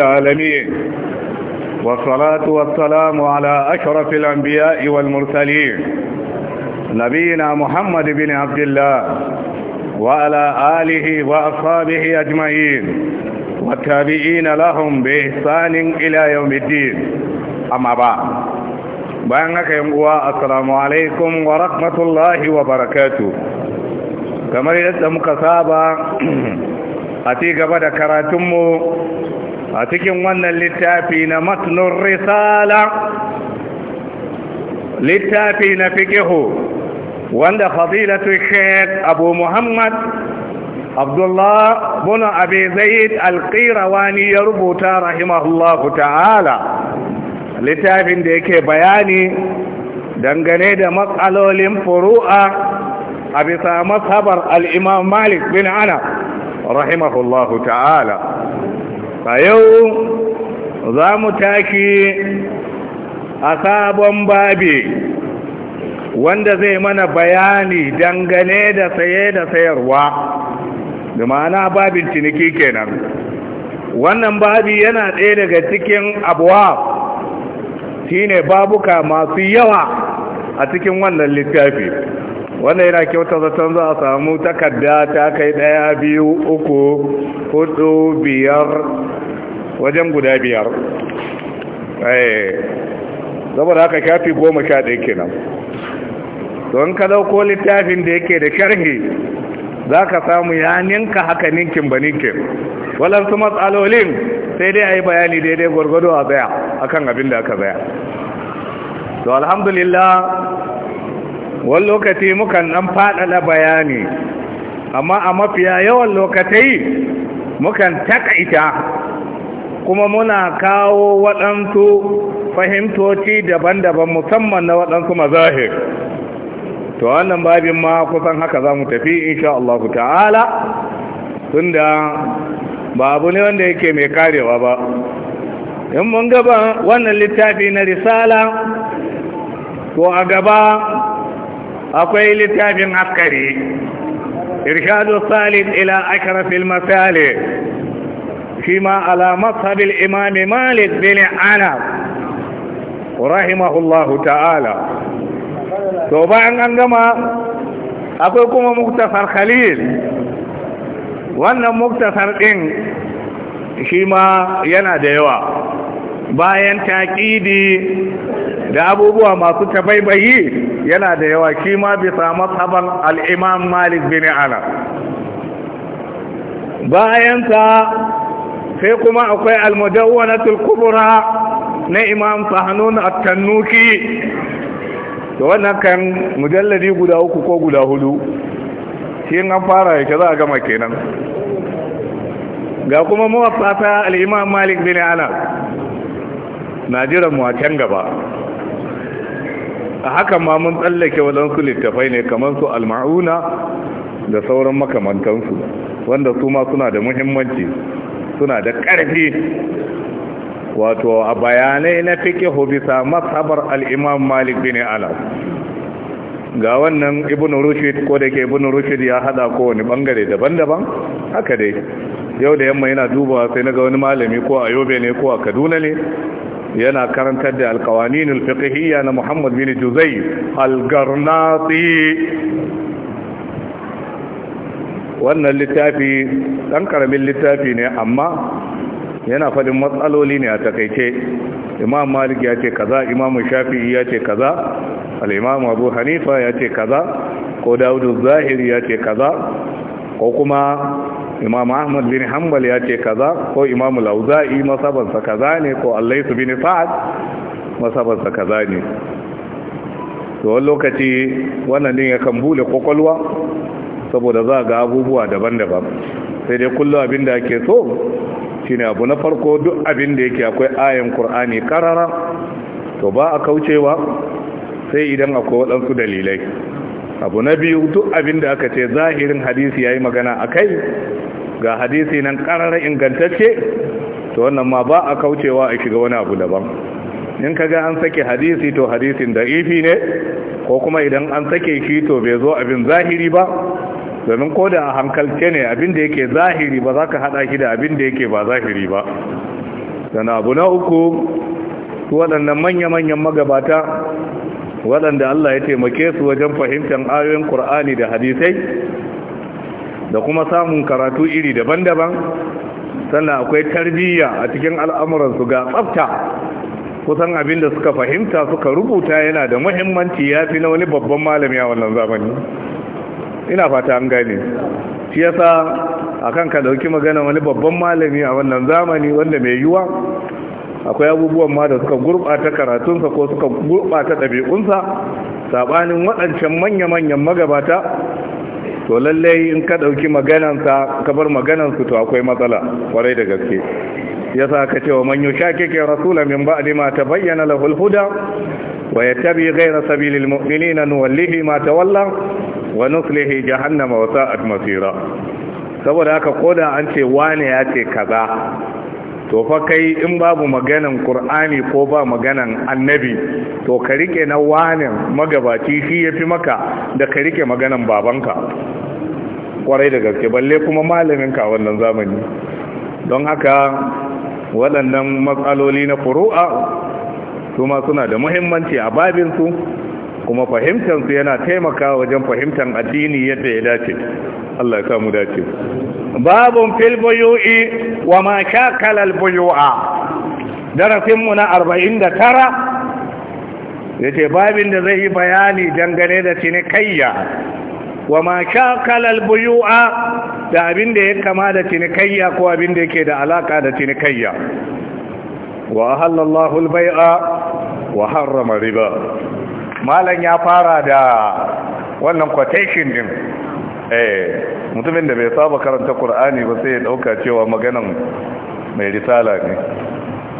العالمين والصلاة والسلام على أشرف الأنبياء والمرسلين نبينا محمد بن عبد الله وعلى آله وأصحابه أجمعين والتابعين لهم بإحسان إلى يوم الدين أما بعد بأنك يمقوا السلام عليكم ورحمة الله وبركاته كما يدى مكسابا أتيك بدأ كراتمو a cikin wannan littafi na matnun risala littafi na fikihu wanda fadilatu shek abu muhammad abdullah bin abi zaid alqirawani ya rubuta rahimahullahu ta'ala littafin da yake bayani dangane da matsalolin furu'a a bisa mazhabar al'imam malik bin ana rahimahullahu ta'ala a yau za mu taki a sabon babi wanda zai mana bayani dangane da saye da sayarwa da ma'ana babin ciniki kenan wannan babi yana ɗaya daga cikin abuwa shine babuka masu yawa a cikin wannan littafi wannan yana kyauta zaton za a samu takarda ta kai daya biyu uku hudu biyar wajen guda biyar eh, saboda haka shafi goma sha ɗaya kenan don ka dauko littafin da yake da sharhi za ka samu ya ninka haka ninkin ba ninkin walansu matsalolin sai dai a yi bayani daidai gwargwado a tsaya akan abin da aka tsaya to alhamdulillah wani lokaci mukan ɗan faɗaɗa bayani amma a mafiya yawan lokatai mukan takaita kuma muna kawo waɗansu fahimtoci daban-daban musamman na waɗansu mazahir to wannan babin ma kusan haka za mu tafi insha Allah ta'ala tunda ba abu ne wanda yake mai karewa ba in mun gaba wannan littafi na risala to a gaba akwai littafin askari irshadu salim ila akrafil masali shi ma ala mazhabil imami malik bin anas rahimahullahu ta'ala to bayan an gama akwai kuma muktasar khalil wannan muktasar din shi ma yana da yawa bayan taƙidi da abubuwa masu tabaibayi yana da yawa shi ma bisa matsabar al'imam malik bin ana bayansa sai kuma akwai na tulkubura na imam hannu na tannuki Da wannan kan mujalladi guda uku ko guda hudu shi an fara yake za a gama kenan ga kuma mawafata al malik bin ana na jiran mu a can gaba a haka ma mun tsallake waɗansu littafai ne kamar su alma'una da sauran makamantansu wanda su ma suna da muhimmanci suna da ƙarfi wato a bayanai na fiƙe bisa mazhabar al-imam malik bin ga wannan ibn rushd ko da ke ibn rushd ya hada kowane bangare daban-daban haka dai yau da yamma yana dubawa sai na ga wani malami ko a yobe ne ko a kaduna ne yana karantar da alkawanin alfiqhiyya na Muhammad bin juzai al wannan littafi dan karamin littafi ne amma yana faɗin matsaloli ne a takaice imam malik ya ce kaza imam shafi'i ya ce kaza al-imam abu hanifa ya ce kaza ko daudu zahiri ya ce kaza ko kuma imam ahmad bin hanbal ya ce kaza ko imam lauza'i masabansa kaza ne ko allaisu bin sa'ad masabansa kaza ne to lokaci wannan din ya kan bule kwakwalwa saboda za ga abubuwa daban-daban sai dai kullum abin da ake so shi ne abu na farko duk abin da yake akwai ayan Kur'ani karara to ba a kaucewa sai idan akwai waɗansu dalilai abu na biyu duk abinda aka ce zahirin hadisi ya yi magana a kai ga hadisi nan ƙarar ingantacce to wannan ma ba a kaucewa a shiga wani abu daban in ka ga an sake hadisi to hadisin da ne ko kuma idan an sake shi to bai zo abin zahiri ba domin ko da hankalce ne abin da yake zahiri ba za ka haɗa shi da abin da yake ba zahiri ba sana abu na uku waɗannan manya-manyan magabata waɗanda Allah ya taimake su wajen fahimtar ayoyin Kur'ani da hadisai da kuma samun karatu iri daban-daban sannan akwai tarbiyya a cikin al'amuransu ga tsafta kusan abin da suka fahimta suka rubuta yana da muhimmanci ya fi na wani babban malami a wannan zamani ina fata an gane shi yasa akan ka dauki magana wani babban malami a wannan zamani wanda mai yiwuwa akwai abubuwan ma da suka gurɓata karatunsa ko suka gurɓata ɗabi'unsa saɓanin waɗancan manya-manyan magabata to lallai in ka ɗauki maganansa ka bar maganansu to akwai matsala kwarai da gaske ya sa ka cewa sha yushakike rasula min ba'di ma tabayyana lahul huda wa yattabi ghayra sabilil mu'minina nuwallihi ma tawalla wa nuslihi jahannama wa sa'at masira saboda haka koda an ce wane ya ce kaza to fa kai in babu maganan qur'ani ko ba maganan annabi to ka rike na wani magabaci shi yafi maka da ka rike maganan babanka kwarai da gaske balle kuma malamin ka wannan zamani don haka waɗannan matsaloli na furu'a su suna da muhimmanci a babinsu kuma fahimtansu yana taimakawa wajen fahimtar addini yadda ya dace Allah ya samu dace babun fil buyu'i wa ma shakala al buyu'a darasin mu na 49 yace babin da zai yi bayani dangane da cinikayya wa ma shakala al buyu'a da abin da ya kama da cinikayya ko abin da yake da alaka da cinikayya wa ahallallahu al bai'a wa harrama riba malam ya fara da wannan quotation din eh mutumin da bai saba karanta qur'ani ba sai ya dauka cewa maganan mai risala ne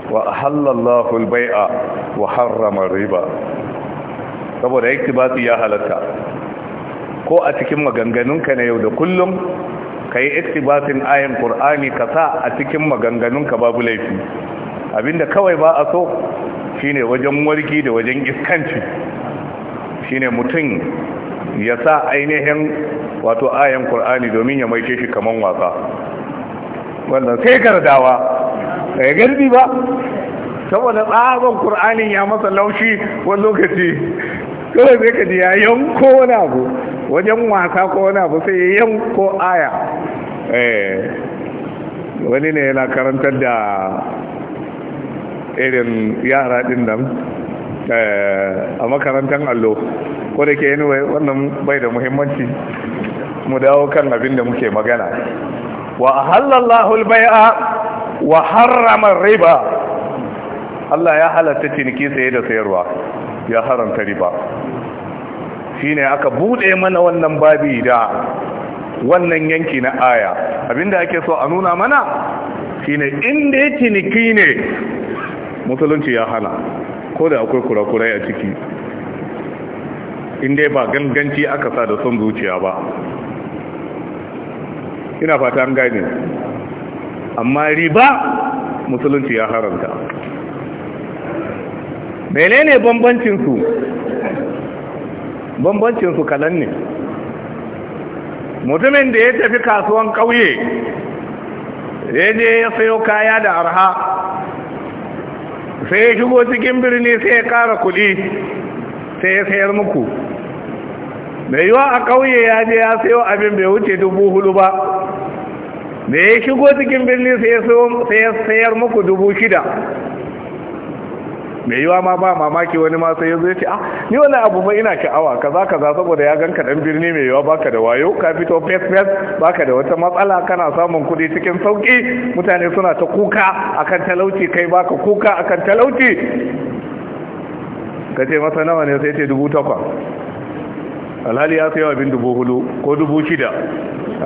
wa halallahu albay'a wa harrama riba saboda iktibasi ya halatta ko a cikin maganganunka na yau da kullum kai iktibatin ayin qur'ani ka sa a cikin maganganunka babu laifi abinda kawai ba a so shine wajen wargi da wajen iskanci shine mutum ya sa ainihin wato ayan Kur'ani domin ya maishe shi kamar wasa wannan sai gardawa ya gardi ba saboda tsaban Kur'anin ya masa laushi wani lokaci kawai zai ka ya yanko wani abu wajen wasa ko wani abu sai ya yanko aya eh, wani ne yana karantar da irin yara din nan Eh, a makarantar allo ko da ke anyway wannan bai da muhimmanci mu dawo kan abin da muke magana wa halallahu al-bai'a wa harrama riba Allah ya halatta ciniki saye da sayarwa ya haramta riba shine aka bude mana wannan babi da wannan yanki na aya abinda ake so a nuna mana shine inda ciniki ne musulunci ya hana ko da akwai kurakurai a ciki inda ba ganganci aka sa da son zuciya ba ina fata an gane amma riba musulunci ya haranta ne bambancinsu bambancinsu kalan ne mutumin da ya tafi kasuwan ƙauye ya je ya sayo kaya da arha sai ya shigo cikin birni sai ya kara kuɗi sai ya sayar muku da yiwa a ƙauye ya je ya sayo abin bai wuce dubu hudu ba da ya shigo cikin birni sai ya sayar muku dubu shida mai yiwa ma ba mamaki wani ma sai ya ce ah ni wani abu ba ina sha'awa kaza kaza saboda ya gan ka dan birni mai yiwa baka da wayo ka fito face face baka da wata matsala kana samun kuɗi cikin sauki mutane suna ta kuka akan talauci kai baka kuka akan talauci ce masa nawa ne sai ce dubu takwa alhali ya sayo abin dubu hudu ko dubu shida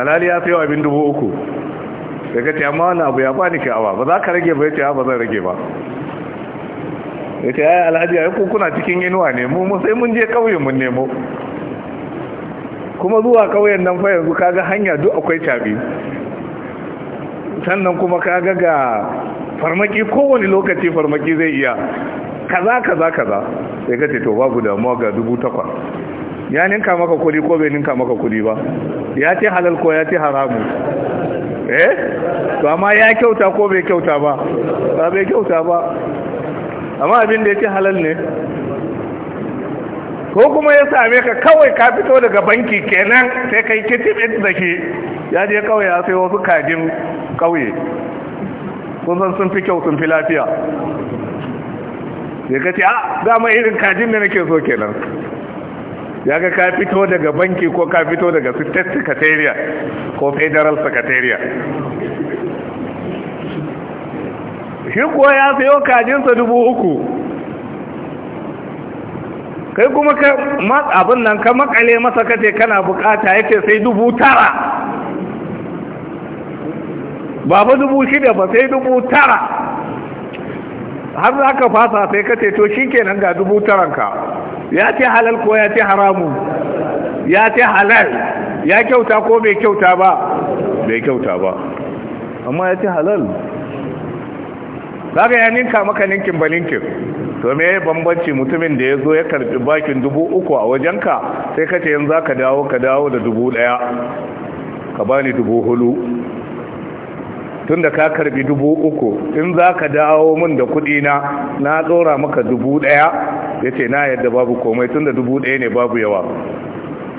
alhali ya sayo abin dubu uku daga ce amma wani abu ya bani sha'awa ba za ka rage ba ya ce ah, ba zan rage ba ya ce ya alhaji ya ku kuna cikin inuwa ne mu sai mun je ƙauyen mun nemo kuma zuwa ƙauyen nan fa yanzu kaga hanya duk akwai cabi sannan kuma kaga ga farmaki kowane lokaci farmaki zai iya kaza kaza kaza sai ka ce to babu damuwa ga dubu takwas ya ninka maka kudi ko bai ninka maka kudi ba ya ce halal ko ya ce haramu eh to amma ya kyauta ko bai kyauta ba ba bai kyauta ba amma abin da ya ce halal ne ko kuma ya same ka kawai ka fito daga banki kenan sai kai kitibit da ke ya je kawai ya sai wasu kajin kauye kusan sun fi kyau sun fi lafiya ya ka ce a ah, dama irin kajin da nake so kenan ya ga ka fito daga banki ko ka fito daga state secretariat ko federal secretariat shi kuwa ya sayo kajinsa dubu uku kai kuma ka abin nan ka makale masa kace kana bukata yake sai dubu tara babu dubu shida ba sai dubu tara har za ka fasa sai kace to shi kenan ga dubu taranka ya ce halal ko ya ce haramu ya ce halal ya kyauta ko bai kyauta ba bai kyauta ba amma ya ce halal kaga ya ninka maka ninkin balinkin to me bambanci mutumin da ya zo ya karbi bakin dubu uku a wajenka sai ka ce yanzu ka dawo ka dawo da dubu daya ka bani dubu hulu tun da ka karbi dubu uku in za ka dawo min da kudi na na tsora maka dubu daya ya ce na yadda babu komai tun da dubu daya ne babu yawa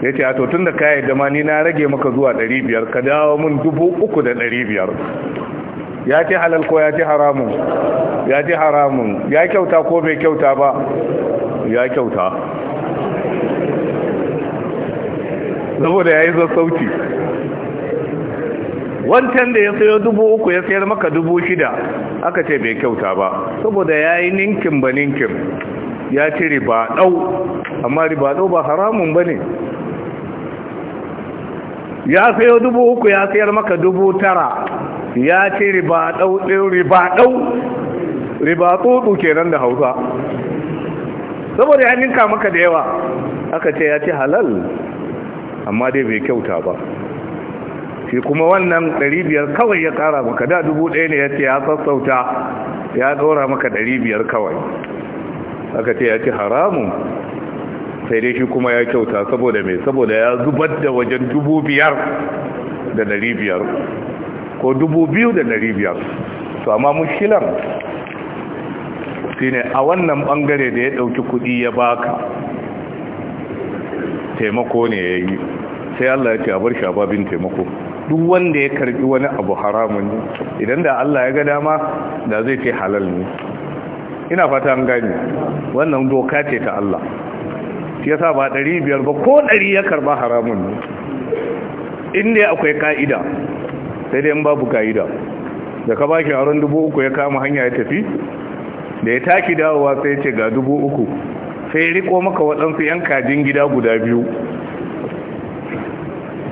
ya ce to tun da ka yadda ma ni na rage maka zuwa ɗari biyar ka dawo min dubu uku da ɗari biyar ya ce halal ko ya ce haramun ya ce haramun ya kyauta ko bai kyauta ba ya kyauta saboda ya yi sauti wancan da ya sayo dubu uku ya sayar maka dubu shida aka ce bai kyauta ba saboda ya yi ninkin ba ninkin ya ci riba ɗau amma riba ɗau ba haramun ba ne ya sayo dubu uku ya sayar maka dubu tara ya ce ribaɗau ɗin eh, ribaɗau ke nan da hausa saboda ya ninka maka da yawa aka ce ya ce halal amma dai bai kyauta ba shi kuma wannan biyar kawai ya ƙara maka da dubu ɗaya ne ya ce ya sassauta ya ɗora maka biyar kawai aka ce ya ce haramun sai dai shi kuma ya kyauta saboda mai saboda ya zubar da wajen dubu biyar da biyar. ko dubu biyu da dari biyar to amma mushkilan shine a wannan bangare da ya dauki kudi ya baka taimako ne ya yi sai Allah ya ce a bar shi ababin taimako duk wanda ya karbi wani abu haramun ne idan da Allah ya ga dama da zai ce halal ne ina fata an gani wannan doka ce ta Allah shi yasa ba 500 ba ko 100 ya karba haramun ne inda akwai ka'ida sai dai in babu ka'ida da ka baki ran dubu uku ya kama hanya ya tafi da ya taki dawowa sai ce ga dubu uku sai ya riko maka waɗansu yan kajin gida guda biyu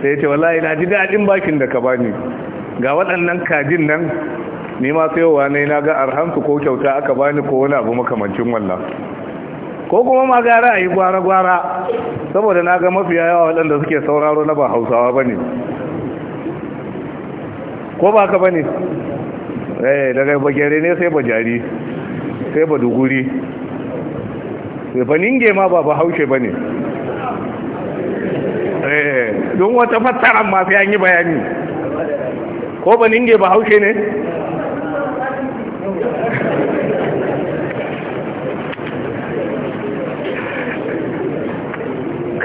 sai ya ce wallahi na ji daɗin bakin da ka bani ga waɗannan kajin nan ni ma sayowa ne na ga arhamsu ko kyauta aka bani ko wani abu makamancin wannan ko kuma ma gara a gwara-gwara saboda na ga mafiya yawa waɗanda suke sauraro na ba hausawa ba ne ko ba ka bane eh daga bagere ne sai bajari sai baduguri sai eh, baninge ma ba bahaushe bane eh don wata fassara ma sai an yi bayani ko baninge bahaushe ne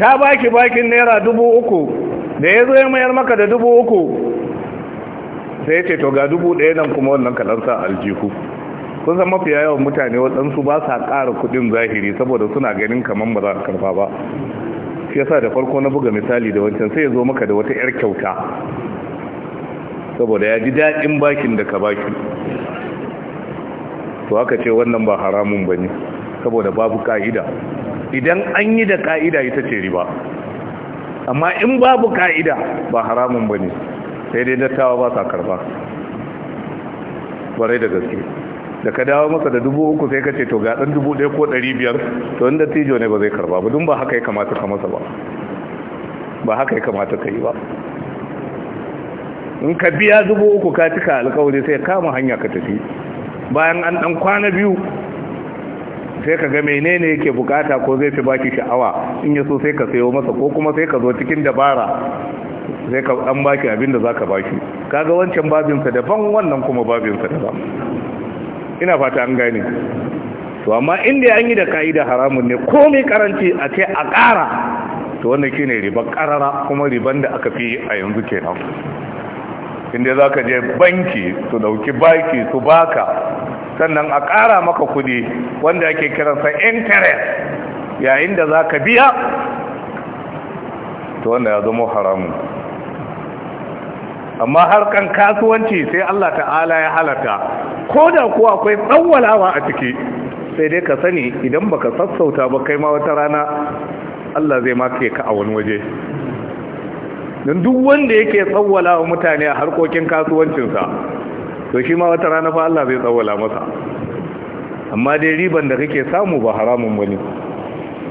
ka baki bakin naira dubu uku da ya zo ya mayar maka da dubu uku sai ce to ga dubu ɗaya nan kuma wannan kaɗan sa aljihu kun san mafiya yawan mutane waɗansu ba sa ƙara kuɗin zahiri saboda suna ganin kamar ba za a karfa ba shi yasa da farko na buga misali da wancan sai ya zo maka da wata 'yar kyauta saboda ya ji daɗin bakin da ka baki to aka ce wannan ba haramun ba ne saboda babu ka'ida idan an yi da ka'ida ita ce riba amma in babu ka'ida ba haramun ba ne sai dai dattawa ba sa karba barai da gaske da ka dawo masa da dubu uku sai ka ce to ga dan dubu ɗaya ko ɗari biyar to inda tijo ne ba zai karba ba dun ba haka ya kamata ka masa ba ba haka ya kamata ka yi ba in ka biya dubu uku ka cika alkawari sai kama hanya ka tafi bayan an dan kwana biyu sai ka ga menene yake bukata ko zai fi baki sha'awa in ya so sai ka sayo masa ko kuma sai ka zo cikin dabara sai ka an baki abin da zaka baki kaga wancan babinsa daban wannan kuma babinsa daban ina fata an gane to amma inda an yi da ka'ida haramun ne komai karanci a ce a ƙara to wannan ne riban ƙarara kuma riban da aka fi a yanzu kenan inda za ka je banki su dauki baki su baka sannan a ƙara maka kudi wanda ake kiransa interest yayin da za ka biya to wanda ya zama haramun amma harkan kasuwanci sai Allah ta'ala ya halata ko da kuwa akwai tsawalawa a ciki sai dai ka sani idan baka sassauta ba kai ma wata rana Allah zai make ka a wani waje don duk wanda yake tsawalawa mutane a harkokin kasuwancinsa to shi ma wata rana fa Allah zai tsawala masa amma dai riban da kake samu ba haramun wani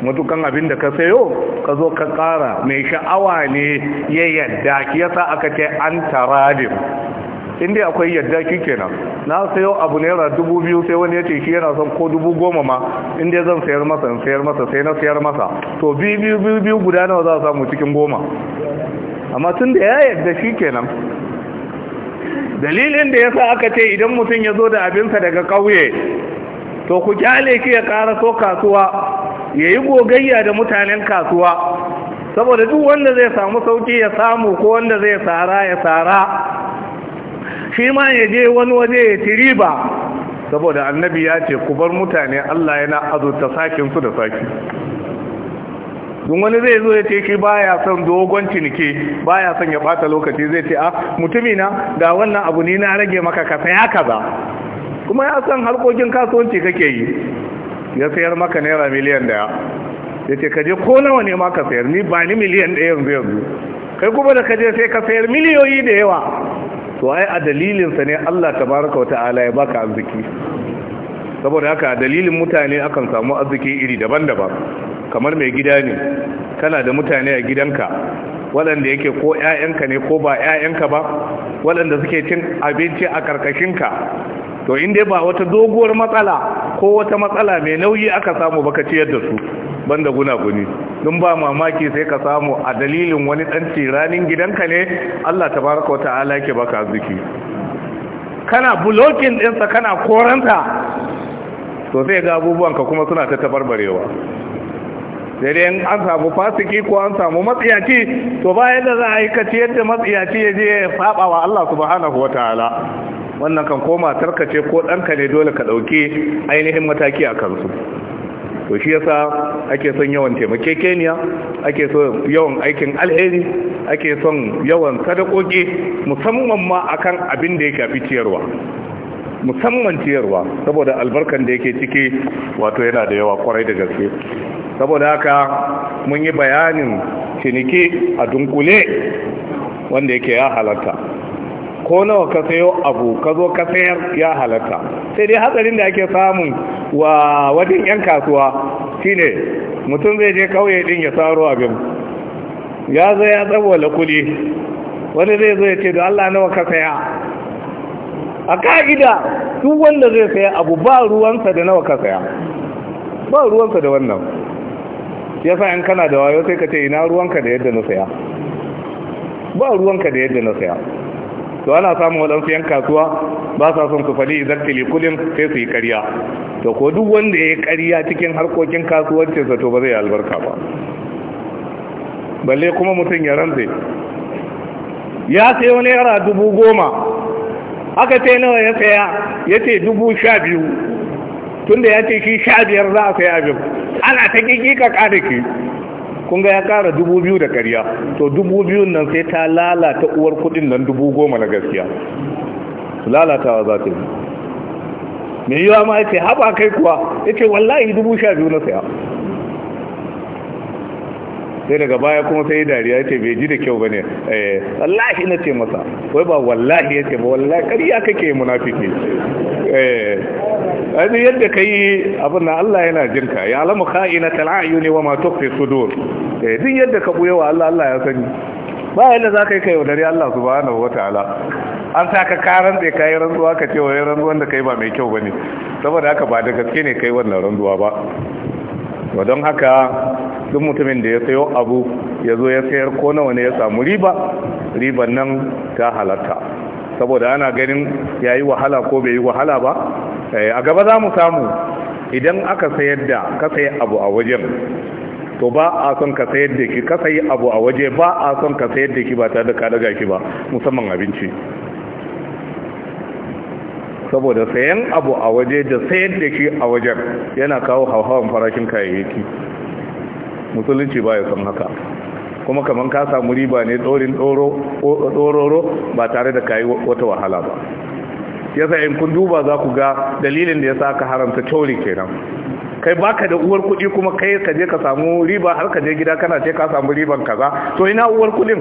matukan abin da ka sayo ka zo ka ƙara mai sha'awa ne ya yadda sa aka ce an taradin inda akwai yadda ki nan na sayo abu naira dubu biyu sai wani ya ce shi yana son ko dubu goma ma inda zan sayar masa in sayar masa sai na sayar masa to biyu biyu biyu biyu guda nawa za a samu cikin goma amma tun da ya yadda shi kenan dalilin da ya sa aka ce idan mutum ya zo da abinsa daga ƙauye to ku kyale ki ya ƙara so kasuwa ya yi gogayya da mutanen kasuwa saboda duk wanda zai samu sauki ya samu ko wanda zai tsara ya tsara shi ma ya je wani waje ya ci riba saboda annabi ya ce ku bar mutane Allah yana azurta sakin su da saki don wani zai zo ya ce shi baya son dogon cinike baya son ya bata lokaci zai ce a mutumina ga wannan abu ne na rage maka ka saya kaza kuma ya san harkokin kasuwanci kake yi ya sayar maka naira miliyan daya ya ce kaje ko nawa ne ma sayar ni ba ni miliyan daya yanzu yanzu kai kuma da kaje sai ka sayar miliyoyi da yawa to ai a dalilinsa ne Allah tabaraka wa ta'ala ya baka arziki saboda haka a dalilin mutane akan samu arziki iri daban-daban kamar mai gida ne kana da mutane a gidanka waɗanda yake ko 'ya'yanka ne ko ba 'ya'yanka ba waɗanda suke cin abinci a ƙarƙashinka to in dai ba wata doguwar matsala ko wata matsala mai nauyi aka samu baka ciyar da su banda guni, don ba mamaki sai ka samu a dalilin wani dan gidan gidanka ne Allah tabaraka wata'ala yake baka ziki. kana blocking ɗinsa kana koranta to sai ga abubuwanka kuma suna ta tabarbarewa sai dai an samu fasiki ko an samu matsiyaci to bayan da za a yi kaci yadda matsiyaci ya je ya saba wa Allah subhanahu wataala wannan kan ko matarka ce ko ɗanka ne dole ka ɗauki ainihin mataki a kansu to shi yasa ake son yawan taimakekeniya ake son yawan aikin alheri ake son yawan sadakoki musamman ma akan abin da ya kafi ciyarwa musamman ciyarwa saboda albarkan da yake ciki wato yana da yawa kwarai da gaske saboda haka mun yi bayanin ciniki a dunkule wanda yake ya halarta. ko nawa ka sayo abu ka zo ka sayar ya halatta sai dai hatsarin da ake samun wa wajen yan kasuwa shine mutum zai je kauye din ya saro abin ya zo ya tsawwala kudi wani zai zo ya ce da Allah nawa ka saya a ka'ida duk wanda zai saya abu ba ruwansa da nawa ka saya ba ruwansa da wannan ya sa in kana da wayo sai ka ce ina ruwanka da yadda na saya ba ruwanka da yadda na saya to ana samun waɗansu yan kasuwa ba sa son su fali tili likulin sai su yi ƙarya to ko duk wanda ya yi ƙarya cikin harkokin kasuwancinsa to ba zai albarka ba balle kuma mutum ya rantse ya sayo naira dubu goma aka ce nawa ya saya ya ce dubu sha biyu tunda ya ce shi sha biyar za a saya abin ana ta kikika ƙariki kun ga ya kara dubu biyu da karya to dubu biyun nan sai ta lalata uwar kudin nan dubu goma na gaskiya lalatawa za ta yi mai yiwa ma ma'aikai haɓa kai kuwa ya ce wallahi dubu sha biyu na saya sai daga baya kuma sai dariya ce bai ji da kyau bane eh wallahi na ce masa wai ba wallahi ya ce ba wallahi kariya kake munafiki eh azu yadda kai abin nan Allah yana jinka ya alamu kha'inatul ayuni wa ma tukhfi sudur eh din yadda ka buye wa Allah Allah ya sani ba yadda za ka yi kai wadari Allah subhanahu wa ta'ala an sa ka karan da ka yi ka ce wa yi da kai ba mai kyau ba ne saboda haka ba da gaske ne kai wannan ranzuwa ba wa don haka duk mutumin da ya sayo abu ya zo ya sayar ko nawa ne ya samu riba riban nan ta halatta saboda ana ganin ya yi wahala ko bai yi wahala ba eh, a gaba za mu samu idan aka sayar da ka sayi abu a wajen to ba a son ka sayar da ki ka sayi abu a waje ba a son ka sayar da ki ba ta da ka daga ki ba musamman abinci saboda sayan abu a waje da sayar da shi a wajen yana kawo hauhawar farashin kayayyaki musulunci ba ya san haka kuma kamar ka samu riba ne tsorin tsororo ba tare da kayi wata wahala ba Ya yasa in kun duba za ku ga dalilin da ya sa ka haramta cori kenan kai baka da uwar kuɗi kuma kai ka je ka samu riba har ka je gida kana ce ka samu riban kaza to ina uwar kuɗin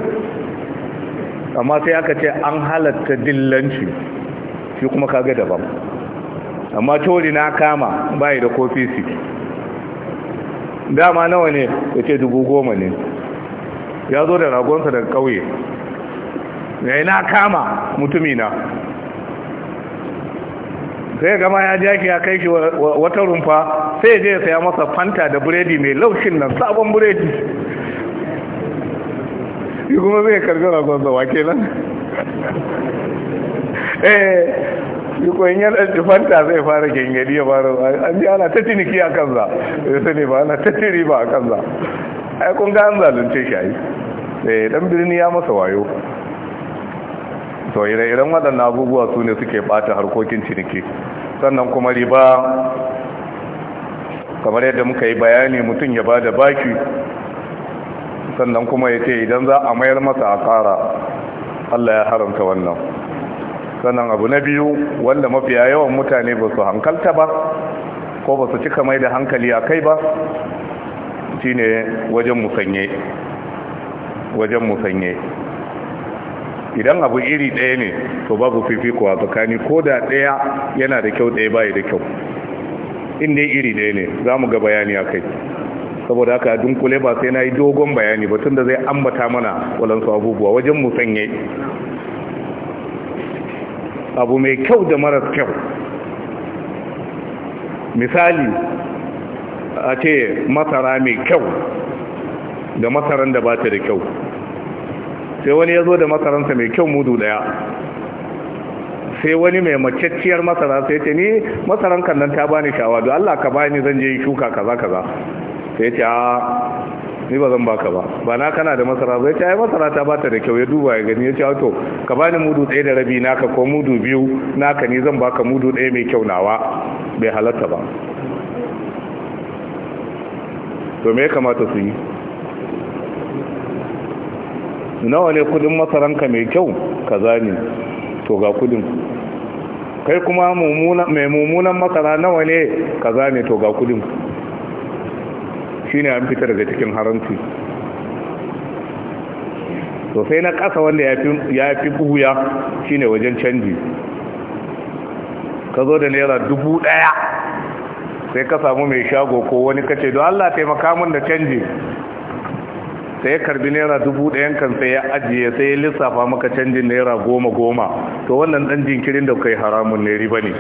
amma sai aka ce an halatta dillanci shi kuma kaga daban amma tori na kama bayi da kofi shi. dama nawa ne ya dubu goma ne ya zo da ragonsa daga kauye ya na kama mutumina sai gama ya jaki ya kai shi wata rumfa sai je ya saya masa fanta da buredi mai laushin nan sabon buredi yi kuma zai karbi ragonsa wake nan yi eh, shi ko in yana fanta zai fara gengari ya fara an ji ana ta ciniki a kansa ya sani ba ana ta tiri ba a kansa ai kun ga an zalunce shi ai eh dan birni ya masa wayo to ire-iren waɗannan abubuwa su ne suke ɓata harkokin ciniki sannan kuma riba kamar yadda muka yi bayani mutum ya ba da baki sannan kuma ya ce idan za a mayar masa a ƙara allah ya haramta wannan sannan abu na biyu wanda mafiya yawan mutane ba su hankalta ba ko ba su cika mai da hankali a kai ba shine wajen musanye wajen musanye idan abu iri ɗaya ne to babu fifiko a tsakani ko da ɗaya yana da kyau ɗaya bayi da kyau inda iri ɗaya ne za mu ga bayani a kai saboda haka dunkule ba sai na yi dogon bayani ba tun da zai ambata mana walansu abubuwa wajen musanye abu mai kyau da maras kyau misali a ce masara mai kyau da masaran da ba ta da kyau sai wani ya zo da masaransa mai kyau mudu daya sai wani mai macacciyar masara sai ce ni masaran kan ta bani shawa don Allah ka bani zan je shuka kaza kaza sai ce a ni ba zan baka ba ba na kana da masara ba yace ai masara ta bata da kyau ya duba ya gani ya ce to ka bani mudu ɗaya da rabi naka ko mudu biyu naka ni zan baka mudu ɗaya mai kyau nawa bai halatta ba to me ya kamata su yi nawa ne kudin masaranka mai kyau ka zani to ga kudin kai kuma mai mummunan masara nawa ne ka zani to ga kudin ne an fita daga cikin haramci to sai na kasa wanda ya fi buhuya shine wajen canji ka zo da naira dubu ɗaya sai ka samu mai shago ko wani kace don allah taimaka min da canji sai ya karbi naira dubu ɗayan kan sai ya ajiye sai ya lissafa maka canjin naira goma goma to wannan dan jinkirin da kai haramun ne riba ne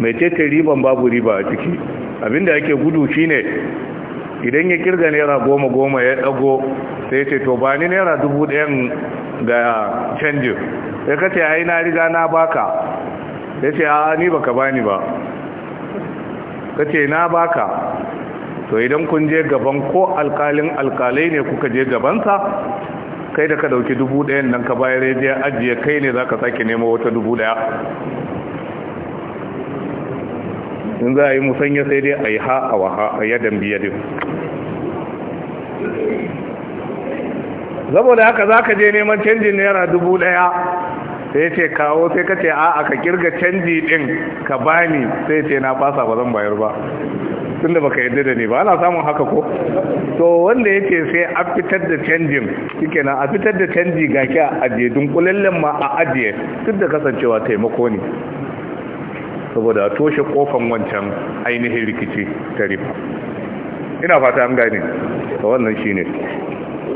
mai tete riban babu riba a ciki abinda yake gudu shine idan ya kirga naira goma goma ya dago sai ce to ba ni naira dubu ɗayan ga canjin sai ka ce ai na riga na baka ya ce a ni baka bani ba kace ce na baka to idan kun je gaban ko alkalin alkalai ne kuka je gabansa kai da ka dauki dubu ɗayan nan ka bayar ya je ajiye kai ne za ka sake nema wata dubu ɗaya in za a yi musanya sai dai a yi ha a waha a biya biyadin saboda haka za ka je neman canjin naira dubu daya sai ce kawo sai ka ce a ka kirga canji din ka bani sai ce na fasa ba zan bayar ba tun da baka yadda da ni ba ana samun haka ko to wanda yake sai a fitar da canjin shike na a fitar da canji ga ke a ajiye dunkulallen ma a ajiye duk da kasancewa taimako ne saboda toshe kofan wancan ainihin rikici ta riba ina fata an gane to wannan shine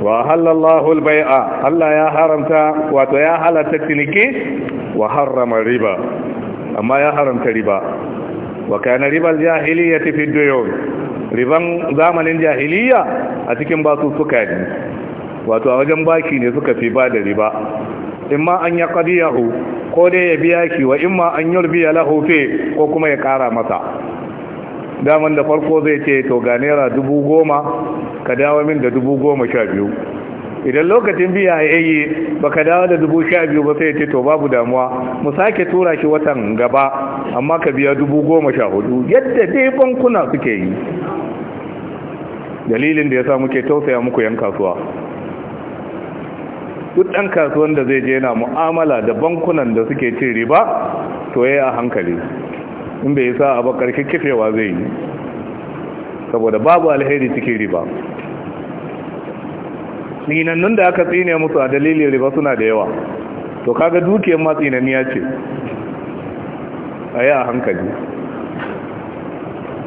wa halallahu al-bai'a Allah ya haramta wato ya halatta ciniki wa harrama riba amma ya haramta riba wa kana ribal jahiliyyati fi duyun riban zamanin jahiliya a cikin basu suka ne wato a wajen baki ne suka fi ba da riba imma an ya qadiyahu ko dai ya biya shi wa imma an yurbiya lahu fi ko kuma ya kara masa daman da farko zai ce to ga naira dubu goma ka dawo min da dubu goma sha biyu idan lokacin biya ya yi ba ka dawo da dubu sha biyu ba sai ce to babu damuwa mu sake tura shi watan gaba amma ka biya dubu goma sha hudu yadda dai bankuna suke yi dalilin da ya sa muke tausaya muku yan kasuwa duk ɗan kasuwan da zai je na mu'amala da bankunan da suke cin riba to ya yi a hankali in bai sa a bakar kikkifewa zai yi saboda babu alheri cikin riba ninannun da aka tsine musu a dalilin riba suna da yawa to kaga dukiyar ma tsinaniya ce a yi a hankali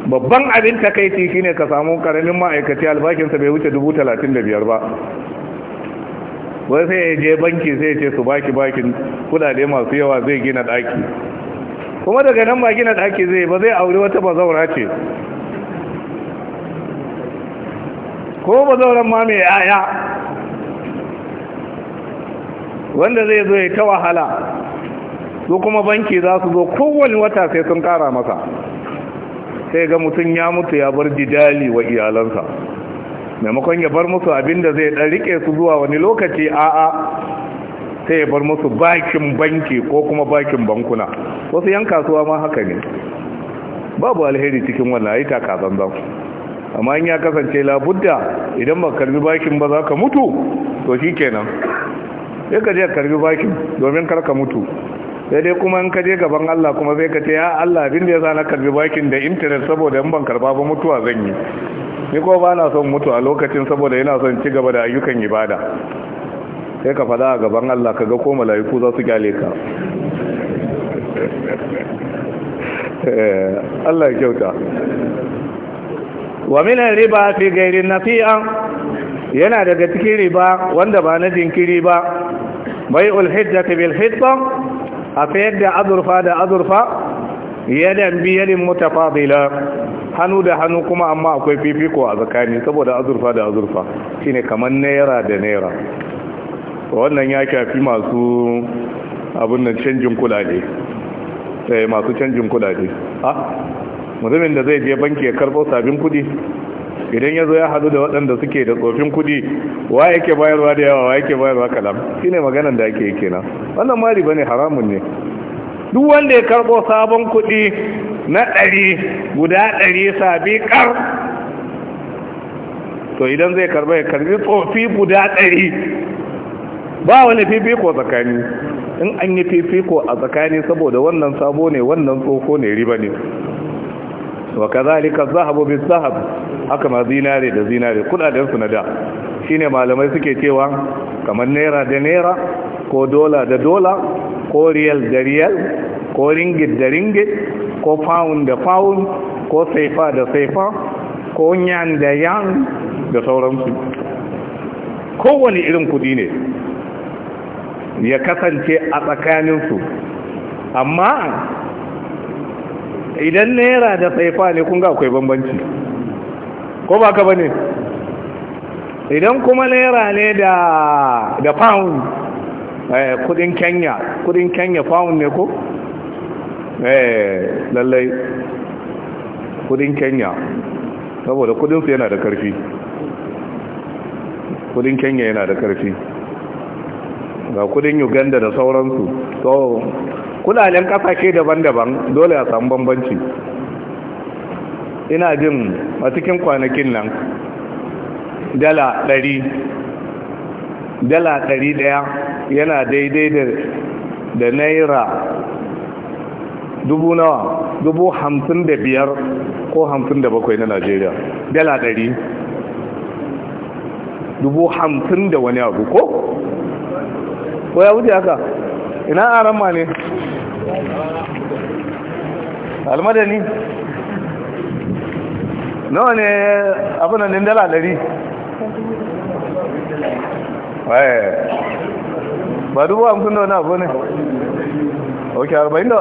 babban abin takaiti shine ka samu karamin ma'aikaci albakinsa bai wuce dubu talatin da biyar ba wai sai ya je banki sai ce su baki bakin kudade masu yawa zai gina daki kuma daga nan ba gina ɗaki zai ba zai auri wata bazaura ce ko bazauran ma mai yaya wanda zai zo ya ta wahala su kuma banki za su zo kowane wata sai sun kara masa sai ga mutum ya mutu ya bar jidali wa iyalansa maimakon ya bar musu abinda zai ɗan su zuwa wani lokaci a'a sai ya bar musu bakin banki ko kuma bakin bankuna wasu yan kasuwa ma haka ne babu alheri cikin wannan ayi taka zanzan amma in ya kasance labudda idan ba karbi bakin ba za ka mutu to shi kenan sai ka je karbi bakin domin kar ka mutu sai dai kuma in ka je gaban Allah kuma sai ka ce ya Allah abin da ya sa na karbi bakin da internet saboda in ban karba ba mutuwa zan yi ni ko ba na son mutu a lokacin saboda yana son ci gaba da ayyukan ibada sai ka fada a gaban Allah ka ga ko mala'iku za su gyale ka eh, Allah ya kyauta wa min riba fi ghairi nafi'a yana daga cikin riba wanda ba na jinkiri ba bai'ul hiddati bil hidda a sayar da azurfa da azurfa yadan bi yadin mutafadila hannu da hannu kuma amma akwai fifiko a tsakani saboda azurfa da azurfa shine kamar naira da naira wannan ya shafi masu abin da canjin kudade sai eh, masu canjin a mutumin da zai je banki ya karbo sabin kudi idan ya zo ya hadu da waɗanda suke da tsofin kudi wa yake bayarwa da yawa wa yake bayarwa kalam shi ne maganan da ake yake nan wannan mari ba ne haramun ne duk wanda ya karbo sabon kudi na ɗari guda ɗari sabi ƙar to idan zai karba ya karbi tsofi guda ɗari ba wani fifiko tsakani in an yi fifiko a tsakani saboda wannan sabo ne wannan tsoko ne riba ne wa kazalika zahabu bis zahab haka ma zinare da zinare kudaden su na da shine malamai suke cewa kamar naira da naira ko dola da dola ko riyal da riyal ko ringgit da ringgit ko pound da pound ko saifa da saifa ko yan da yan da sauransu kowane irin kudi ne ya kasance a tsakaninsu amma idan naira da saifa ne kun ga akwai bambanci ko ba ka bane idan kuma naira ne da da pound eh kudin Kenya kudin Kenya pound ne ko eh lallai kudin Kenya saboda kudin su yana da karfi kudin Kenya yana da karfi ga kudin uganda da sauransu so kudalen kasashe daban-daban dole a samu bambanci ina jin a cikin kwanakin nan dala ɗari dala ɗari ɗaya yana daidai da naira dubu nawa dubu hamsin da biyar ko hamsin da bakwai na najeriya dala ɗari dubu hamsin da wani abu ko ko ya wuce haka ina a ma ne almadani nawa ne abinan din dala dari ba dubu amfin da wani abu ne ok arba'in da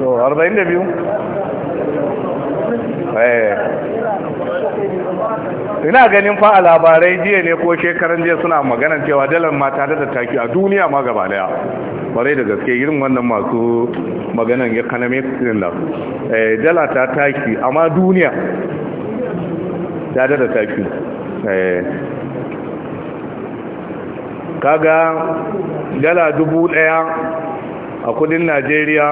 so arba'in da biyu ina ganin fa a labarai jiya ne ko shekaran jiya suna maganan cewa dalar mata da taki a duniya ma gaba daya kwarai da gaske irin wannan masu ya maganar economic din da eh, dala ta taki amma duniya ta da taki eh. kaga dala dubu daya a kudin najeriya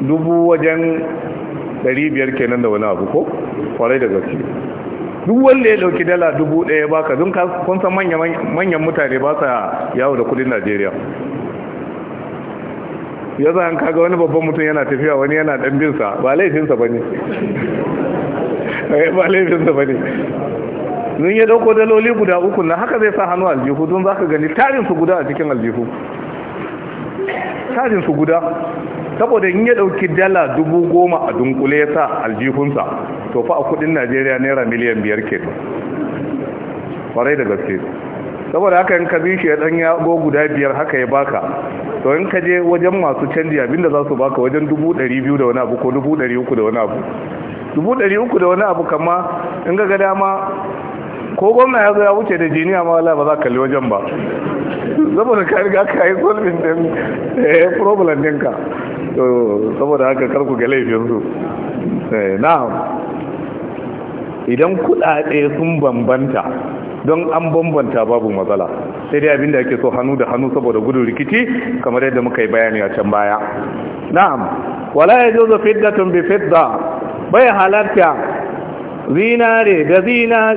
dubu wajen 500 kenan da wani abu ko kwarai da gaske duk wanda ya dauki dala dubu ɗaya baka don kun san manyan mutane ba sa yawo da kudin najeriya ya za an kaga wani babban mutum yana tafiya wani yana ɗan binsa ba laifinsa ba ne eh, ba laifinsa ba ne nun ya dauko daloli guda uku na haka zai sa hannu aljihu don za ka gani tarinsu guda a cikin aljihu Tarinsu guda saboda in ya dauki dala dubu goma a dunkule ya sa aljihunsa to fa a kudin najeriya naira miliyan biyar ke kwarai da gaske saboda haka yin ka shi ya dan yago guda biyar haka ya baka to in ka je wajen masu canji abinda za su baka wajen dubu ɗari biyu da wani abu ko dubu ɗari uku da wani abu dubu ɗari uku da wani abu kama in ga gada ma. ko gwamna ya zo ya wuce da jiniya ma wala ba za kalli wajen ba saboda ka riga ka yi solving din eh problem ɗinka saboda haka karku ga laifinsu eh, na idan kuɗaɗe sun bambanta don an bambanta babu matsala sai dai abinda ake so hannu da hannu saboda gudun rikici kamar yadda muka yi bayani a can baya na'am wala ya zo fiddatun bi fidda bai halarta zinare da zina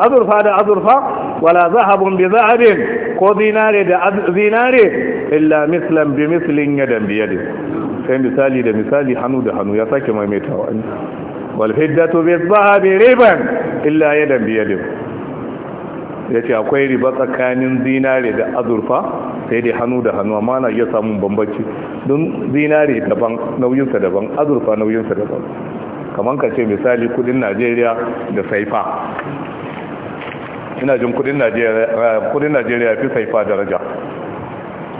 azurfa da azurfa wala zahabun bi zahabin ko zinare da zinare illa mislan bi mislin yadan bi yadin sai misali da misali hannu da hannu ya sake maimaitawa ne wal fiddatu bi zahabi riban illa yadan bi yadin yace akwai riba tsakanin zinare da azurfa sai dai hannu da hannu amma na iya samun bambanci don zinare daban nauyinsa daban azurfa nauyinsa daban kamar ka ce misali kudin najeriya da saifa ina jin kudin najeriya ya fi saifa daraja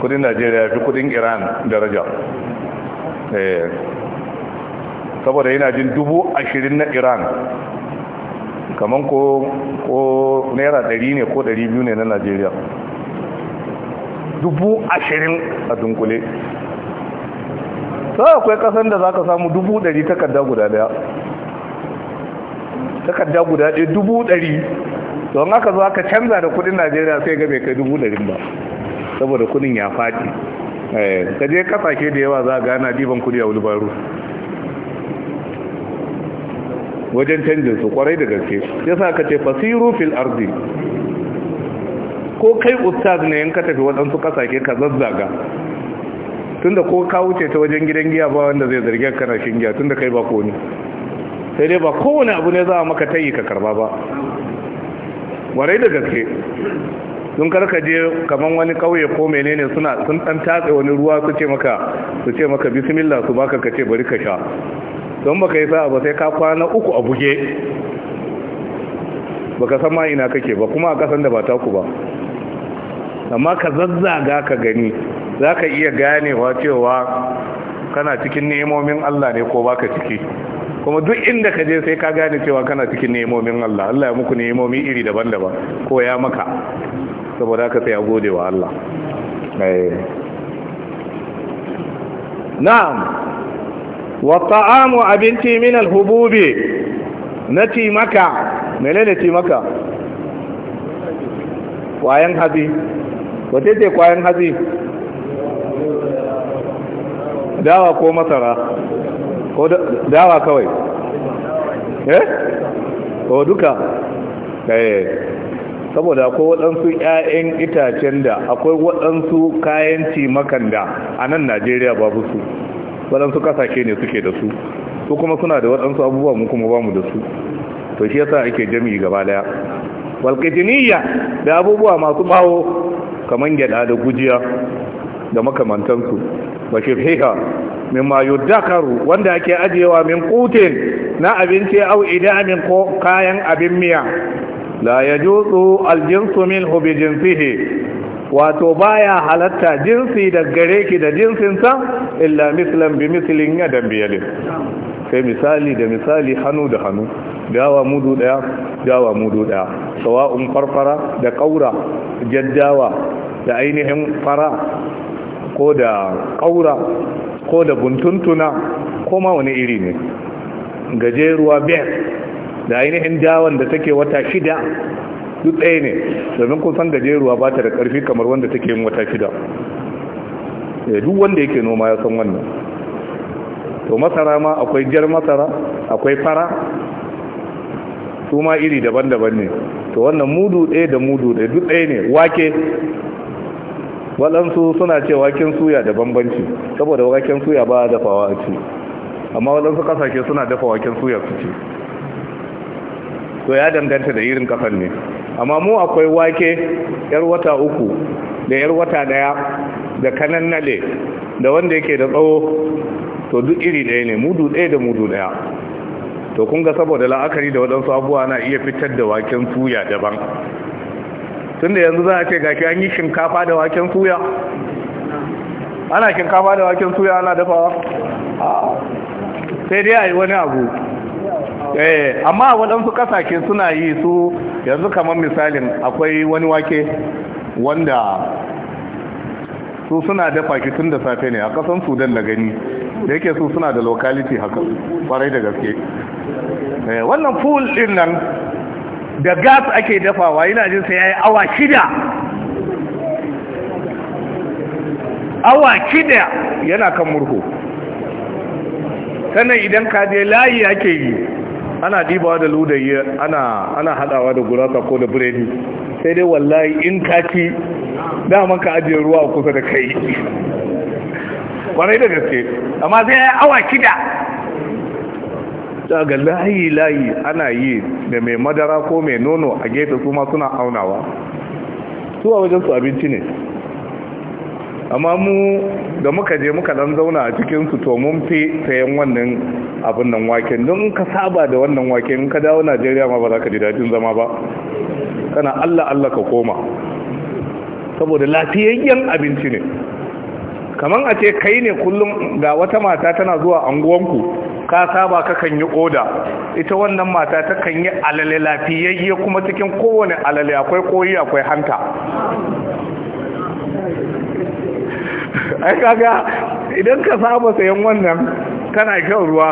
kudin najeriya ya fi kudin iran daraja eh. saboda yana jin dubu ashirin na iran kamar ko naira dari ne ko dari biyu ne na najeriya dubu ashirin a dunkule sai akwai kasan da zaka samu dubu dari takarda guda daya takarda guda daya dubu dari don haka za ka canza da kudin najeriya sai ga bai kai dubu dari ba saboda kudin ya faɗi eh, ka je kasashe da yawa za a gana diban kudi a wulbaru wajen canjin su kwarai da gaske ya sa ka ce fasiru fil arzi ko kai ustaz ne yanka tafi waɗansu kasashe ka zazzaga tunda ko ka wuce ta wajen gidan giya ba wanda zai zarge ka na shin giya tunda kai ba ko sai dai ba kowane abu ne za a maka tayi ka karba ba warai da gaske sun karka je kamar wani kauye ko menene suna sun dan tatse wani ruwa su ce maka su ce maka bismillah su baka ka ce bari ka sha don baka yi sa'a ba sai ka kwana uku a buge baka san ma ina kake ba kuma a kasan da ba taku ba amma ka zazzaga ka gani za ka iya ganewa cewa kana cikin nemomin Allah ne ko baka ciki kuma duk inda ka je sai ka gane cewa kana cikin nemomin Allah Allah ya muku nemomi iri daban-daban ko ya maka saboda ka sai gode wa Allah eh. na'am wa ta'amu abinci min al-hububi na timaka menene timaka kwayan hazi wace ce kwayan hazi dawa ko masara ko dawa kawai eh ko duka eh saboda akwai waɗansu 'ya'yan itacen da akwai waɗansu kayan cimakan da a nan najeriya babu su waɗansu ƙasashe ne suke da su su kuma suna da waɗansu abubuwa mu kuma ba mu da su to shi yasa ake jami'i gaba daya walƙitiniya da abubuwa masu bawo kamar gyaɗa da gujiya da makamantansu wa shirhiha mimma yudakaru wanda ake ajiyewa min kutin na abinci au idamin ko kayan abin miya la jutsu aljinsu minhu bi wato baya halatta jinsi da gare ki da jinsinsa illa mislan bi mislin yadan biyadin sai misali da misali hannu da hannu dawa mudu daya dawa mudu daya sawa'un farfara da kaura jaddawa da ainihin fara ko da ƙaura ko da buntuntuna ko ma wani iri ne gajeruwa biyar da ainihin jawon da take wata shida duk ɗaya ne domin kun gajeruwa ba ta da ƙarfi kamar wanda take yin wata shida eh, duk wanda yake noma ya san wannan to masara ma akwai jar masara akwai fara su ma iri daban-daban ne to wannan mudu ɗaya da mudu ɗaya duk ɗaya ne wake waɗansu suna ce waken suya da bambanci saboda waken suya ba a dafawa a ci amma waɗansu ƙasashe suna dafa waken suya su ce to ya danganta da irin ƙasar ne amma mu akwai wake yar wata uku da yar wata ɗaya da kanan nale da wanda yake da tsawo to duk iri ɗaya ne mudu ɗaya da mudu ɗaya to kun ga saboda la'akari da waɗansu abubuwa na iya fitar da waken suya daban tunda yanzu za a ce gashi an yi shinkafa da waken suya ana shinkafa da waken suya ana dafawa sai dai a yi wani abu eh, amma waɗansu ƙasashe suna yi su yanzu kamar misalin akwai wani wake wanda su suna dafa shi tun da safe ne a kasan sudan da gani da yake su suna da locality haka kwarai da gaske eh, wannan pool ɗin nan da gas ake dafawa yana jin sai yayi awa shida awa shida yana kan murhu sannan idan ka je layi ake yi ana dibawa da ludayi ana ana hadawa da gurasa ko da biredi sai dai wallahi in ka ci daman ka ajiye ruwa kusa da kai kwarai da gaske amma sai yayi awa shida daga layi-layi ana yi da mai madara ko mai nono a gefe su suna aunawa su a wajen su abinci ne amma mu da muka je muka dan zauna a cikinsu to mun fi sayan wannan abin nan waken don ka saba da wannan waken ka dawo najeriya ma ba za ka ji dajin zama ba kana allah allah ka koma saboda lafiyayyen abinci ne kamar a ce kai ne kullum ga wata mata tana zuwa anguwanku ka saba ka kan yi oda ita wannan mata ta kan yi alale lafiyayye kuma cikin kowane alale akwai koyi akwai hanta ai kaga idan ka saba sayan wannan kana kyau ruwa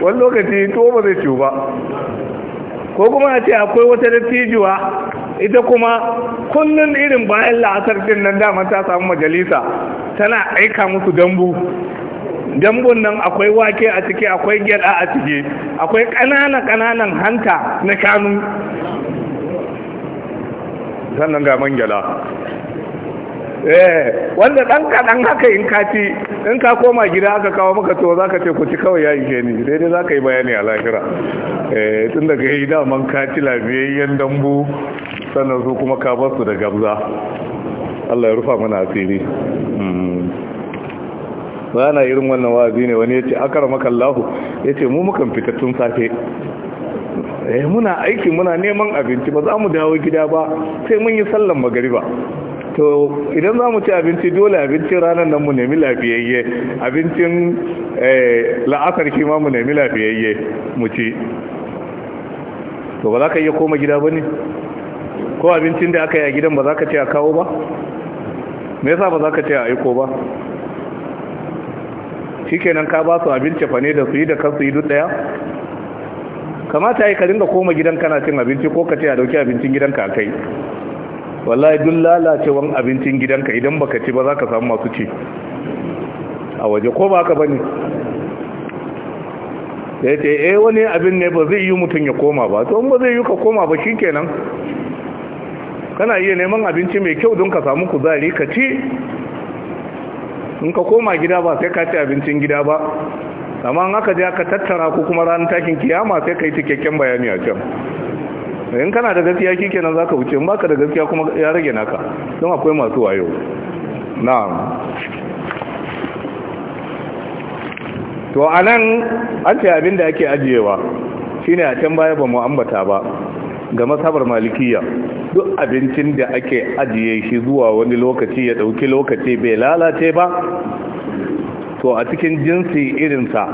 wani lokaci to ba zai ciwo ba ko kuma a ce akwai wata dattijuwa ita kuma kullum irin bayan la'asar din nan dama ta samu majalisa tana aika musu dambu dambun nan akwai wake a ciki akwai gyada a ciki akwai kanana ƙananan hanta na shanu sannan ga man gyada eh wanda ɗan kaɗan haka in ka in ka koma gida aka kawo maka to zaka ce ku ci kawai ya yi ni sai dai ka yi bayani a lahira eh tun daga yi daman ka labiyayyen dambu sannan su kuma ka bar su da gabza Allah ya rufa mana asiri hmm. ba na irin wannan wazi ne wani ya ce akar makallahu ya ce mu mukan fitattun safe eh muna aiki muna neman abinci ba za mu dawo gida ba sai mun yi sallan ba. to idan za mu ci abinci dole abincin ranar nan mu nemi lafiyayye abincin eh, la'asar shi ma mu nemi lafiyayye mu ci to ba za ka iya koma gida ba ne ko abincin da aka yi a gidan ba za ka ce a kawo ba me yasa ba za ka ce a aiko ba kenan ka ba su abinci fa ne da su yi da kansu yi duk daya kamata yi ka dinga koma gidan kana cin abinci ko ka ce a dauki abincin gidanka a kai wallahi dun lalacewan abincin gidanka idan baka ci ba za ka samu masu ci a waje ko ba ka ba ne ya ce eh wani abin ne ba zai yi mutum ya koma ba to ba zai yi ka koma ba shi kenan kana iya neman abinci mai kyau don ka samu kuzari ka ci in ka koma gida ba sai ka ci abincin gida ba amma in aka je aka tattara ku kuma ranar takin kiyama sai ka yi cikakken bayani a can Eh, in kana da gaskiya kikenan zaka wuce in baka da gaskiya kuma ya rage naka don akwai masu wayo na'am to anan an ce abin da ake ajiyewa shine a can baya ba mu ambata ba ga masabar malikiya duk abincin da ake ajiye shi zuwa wani lokaci ya dauki lokaci bai lalace ba to a cikin jinsi irinsa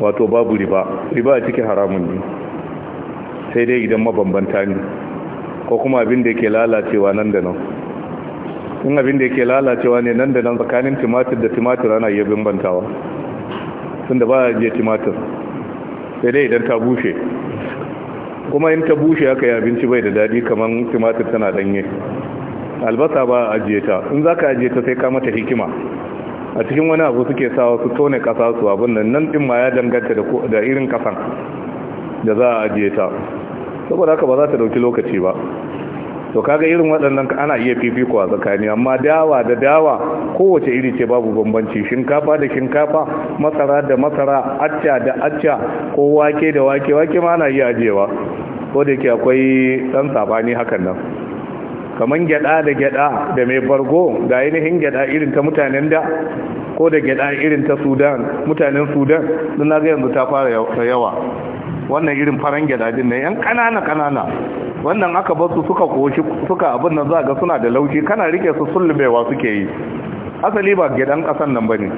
wato babu riba riba a cikin haramun ne sai dai idan mabambanta ne ko kuma abin da yake lalacewa nan da nan in abin da yake lalacewa ne nan da nan tsakanin timatir da timatir ana iya bambantawa sun da ba a je timatir sai dai idan ta bushe kuma in ta bushe aka yi abinci bai da daɗi kamar timatir tana ɗanye albasa ba a ajiye ta in za ka ajiye ta sai ka mata hikima a cikin wani abu suke sawa su tone kasa su abin nan nan ɗin ma ya danganta da irin ƙasan da za a ajiye ta saboda haka ba za ta dauki lokaci ba to kaga irin waɗannan ana iya fifiko a tsakani amma dawa da dawa kowace iri ce babu bambanci shinkafa da shinkafa masara da masara acca da acca ko wake da wake wake ma ana iya ajiyewa. ko da yake akwai ɗan saɓani hakan nan kamar gyada da gyada da mai bargo da ainihin gyada irin ta mutanen da ko da gyada irin ta sudan mutanen sudan don na ga yanzu ta fara yawa wannan irin faran gida din ne yan kanana kanana wannan aka bar su suka koshi suka abin nan za ga suna da laushi kana rike su sullubewa suke yi asali ba gidan kasan nan bane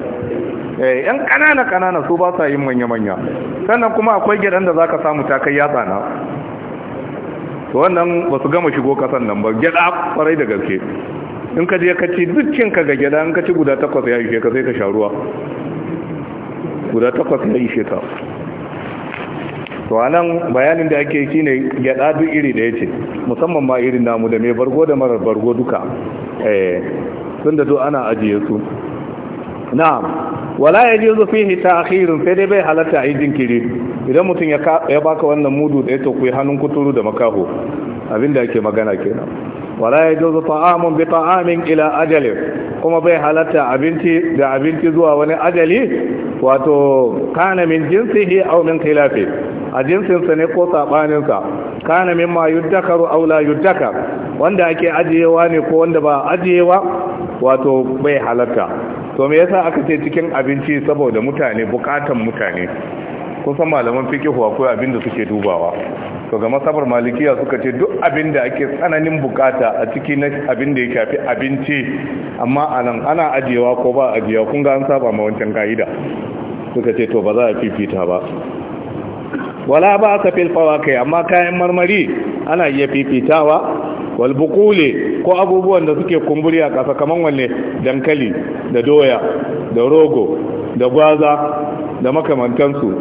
eh yan kanana kanana su ba sa yin manya manya sannan kuma akwai gidan da zaka samu ta kai yatsa na wannan ba su gama shigo kasan nan ba gida kwarai da gaske in ka je ka ci dukkin ka ga gida in ka ci guda takwas ya ishe ka sai ka sha ruwa guda takwas ya ishe ka to anan bayanin da ake shi ne gyada duk iri da ce musamman ma irin namu da mai bargo da marar bargo duka eh tun da duk ana ajiye su na'am wala yajuzu fihi ta'khir sai dai bai halatta yi jinkiri idan mutum ya baka wannan mudu da ya to ku hannun kuturu da makaho abinda ake magana kenan wala yajuzu ta'amun bi ta'amin ila ajali kuma bai halatta abinci da abinci zuwa wani ajali wato kana min jinsihi aw min khilafi a jinsinsa ne ko saɓaninsa kana mimma yuddakaru aw la yuddakar wanda ake ajiyewa ne ko wanda ba ajiyewa wato bai halatta to me yasa aka ce cikin abinci saboda mutane bukatan mutane kusan malaman fikihu akwai abinda suke dubawa to ga masabar malikiya suka ce duk abin da ake tsananin bukata a ciki na abin da ya shafi abinci amma anan ana ajiyewa ko ba ajiyewa kun ga an saba ma wancan ka'ida suka ce to ba za a fifita ba wala ba aka fil kai, amma kayan marmari ana iya fifitawa wal ko abubuwan da suke kumburi a kasa kamar wanne dankali da doya da rogo da gwaza da makamantansu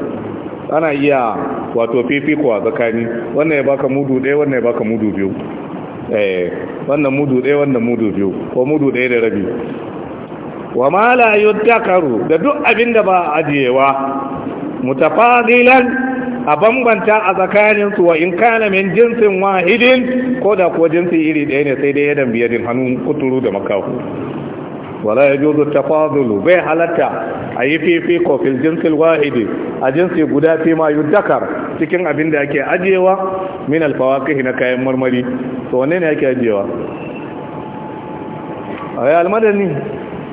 ana iya wato fifiko a tsakani wannan ya baka mudu ɗaya wannan ya baka mudu biyu eh wannan mudu ɗaya wannan mudu biyu ko mudu ɗaya da rabi wa ma la yuddakaru da duk abin da ba ajiyewa mutafadilan a bambanta a tsakanin su wa in kana min jinsin wahidin ko da ko jinsi iri ɗaya ne sai dai yadan biyadin hannun kuturu da makahu wala ya juzu tafadulu bai halatta a yi fifiko fil jinsil wahidi a jinsi guda fi ma yuddakar cikin abin da yake ajiyewa min alfawaqihi na kayan marmari to wanne ne yake ajiyewa ay almadani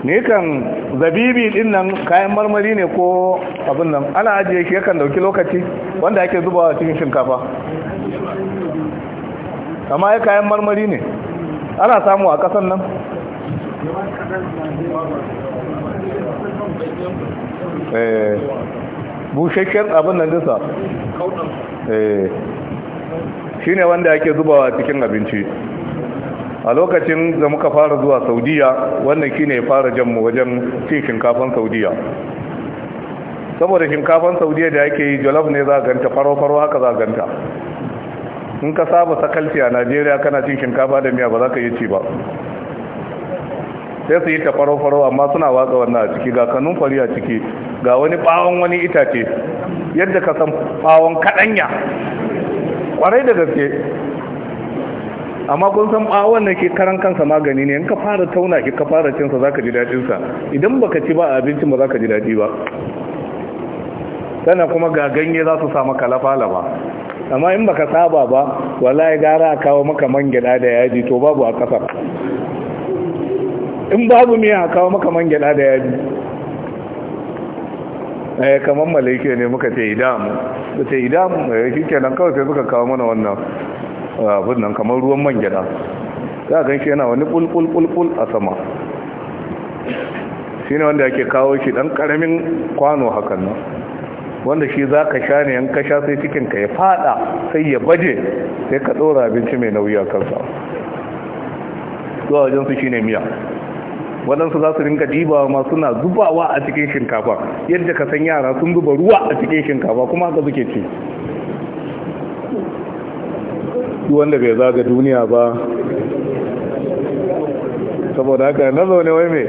ne kan zabibi din nan kayan marmari ne ko abin nan ana ajiye shi yakan dauki lokaci wanda yake zubawa cikin shinkafa amma ya kayan marmari ne ana samu a kasan nan Eh, bushakken abin nan disa eh, shi ne wanda yake zubawa cikin abinci a lokacin da muka fara zuwa saudiya wannan shi ne fara janmu wajen cin shinkafan saudiya saboda shinkafan saudiya da yake yi jolof ne za a ganta faro-faro haka za a ganta in ka saba sakalci a najeriya kana cin shinkafa da miya ba za ka yi ci ba sai su yi ta faro-faro amma suna watsa wannan a ciki ga kanun fari a ciki ga wani bawon wani itace yadda ka san bawon kaɗanya kwarai da gaske amma kun san bawon da ke karan kansa magani ne in ka fara tauna ki ka fara cinsa za ka ji daɗinsa idan baka ci ba abincin ba za ka ji daɗi ba sannan kuma ga ganye za su samu kalafala ba, amma in baka saba ba wallahi gara a kawo maka man gyada da yaji to babu a ƙasar in babu miya a kawo maka man gyada da yaji ya eh, kamar malaike ne muka ce idamu da ce idamu eh, Kike nan kawai sai suka kawo mana wannan eh, abin nan kamar ruwan man gyada za a shi yana wani bulbulbulbul a sama shi ne wanda yake kawo shi dan karamin kwano hakan nan wanda shi za ka sha ne yan ka sha sai cikinka ya fada sai ya baje sai ka ɗora abinci mai nauyi a kansa zuwa su shi ne miya waɗansu za su rinka dibawa ma suna zubawa a cikin shinkafa yadda ka san yara sun zuba ruwa a cikin shinkafa kuma haka suke ci wanda bai zaga duniya ba saboda haka na zaune wai mai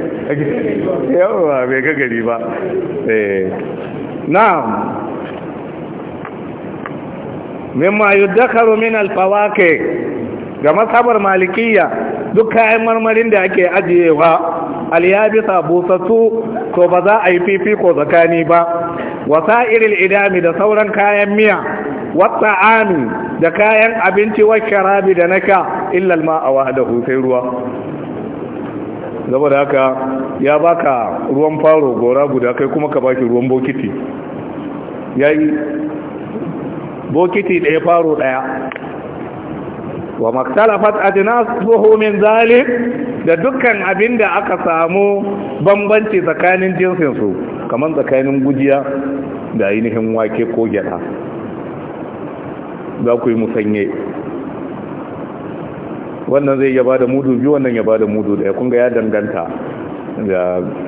yawa bai gagari ba eh, na'am mimma yuddakaru min alfawake ga masabar malikiya duk kayan marmarin da ake ajiyewa bisa busassu to ba za a yi fifiko tsakani ba irin idami da sauran kayan miya wata'anu da kayan abinci wa sharabi da naka illa ma'a wahdahu sai ruwa saboda haka ya baka ruwan faro gora guda kai kuma ka baki ruwan bokiti yayi bokiti ɗaya faro ɗaya wa maktalafat ajnasuhu min zalik da dukkan abinda aka samu bambanci tsakanin jinsin su tsakanin gujiya da ainihin wake ko gyada za ku yi musanye wannan zai yaba da mudu biyu wannan yaba da mudu da ya kunga ya danganta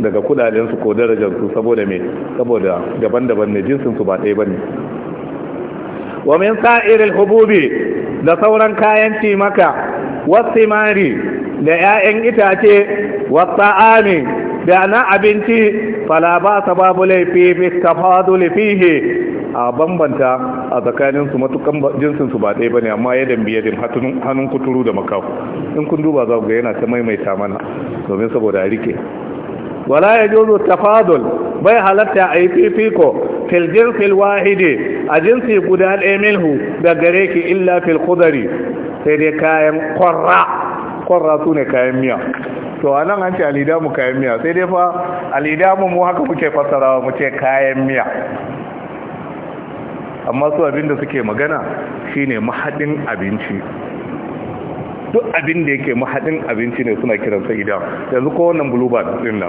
daga kudadensu ko darajarsu saboda mai saboda daban-daban ne jinsinsu ba ɗaya ba ne wa min sa'iril hububi da sauran kayan cimaka wasimari da 'ya'yan itace wasa'ami da na abinci fala ba sababu babu laifi fi tafadul fihi a bambanta a tsakanin su matukan jinsin su ba ɗaya bane amma ya dambiye din hannun kuturu da makafu in kun duba za ku ga yana ta maimaita mana domin saboda rike wala ya jozo tafadul bai halatta a yi fifiko fil jinsil a jinsi guda ɗaya milhu da gare ki illa fil sai dai kayan kwarra kwarra su ne kayan miya to a nan an ce alidamu kayan miya sai dai fa alidamu mu haka muke fassarawa mu kayan miya amma su abinda suke magana shine mahadin abinci duk abin da yake mahadin abinci ne suna kiransa idam yanzu ko wannan bluebird din nan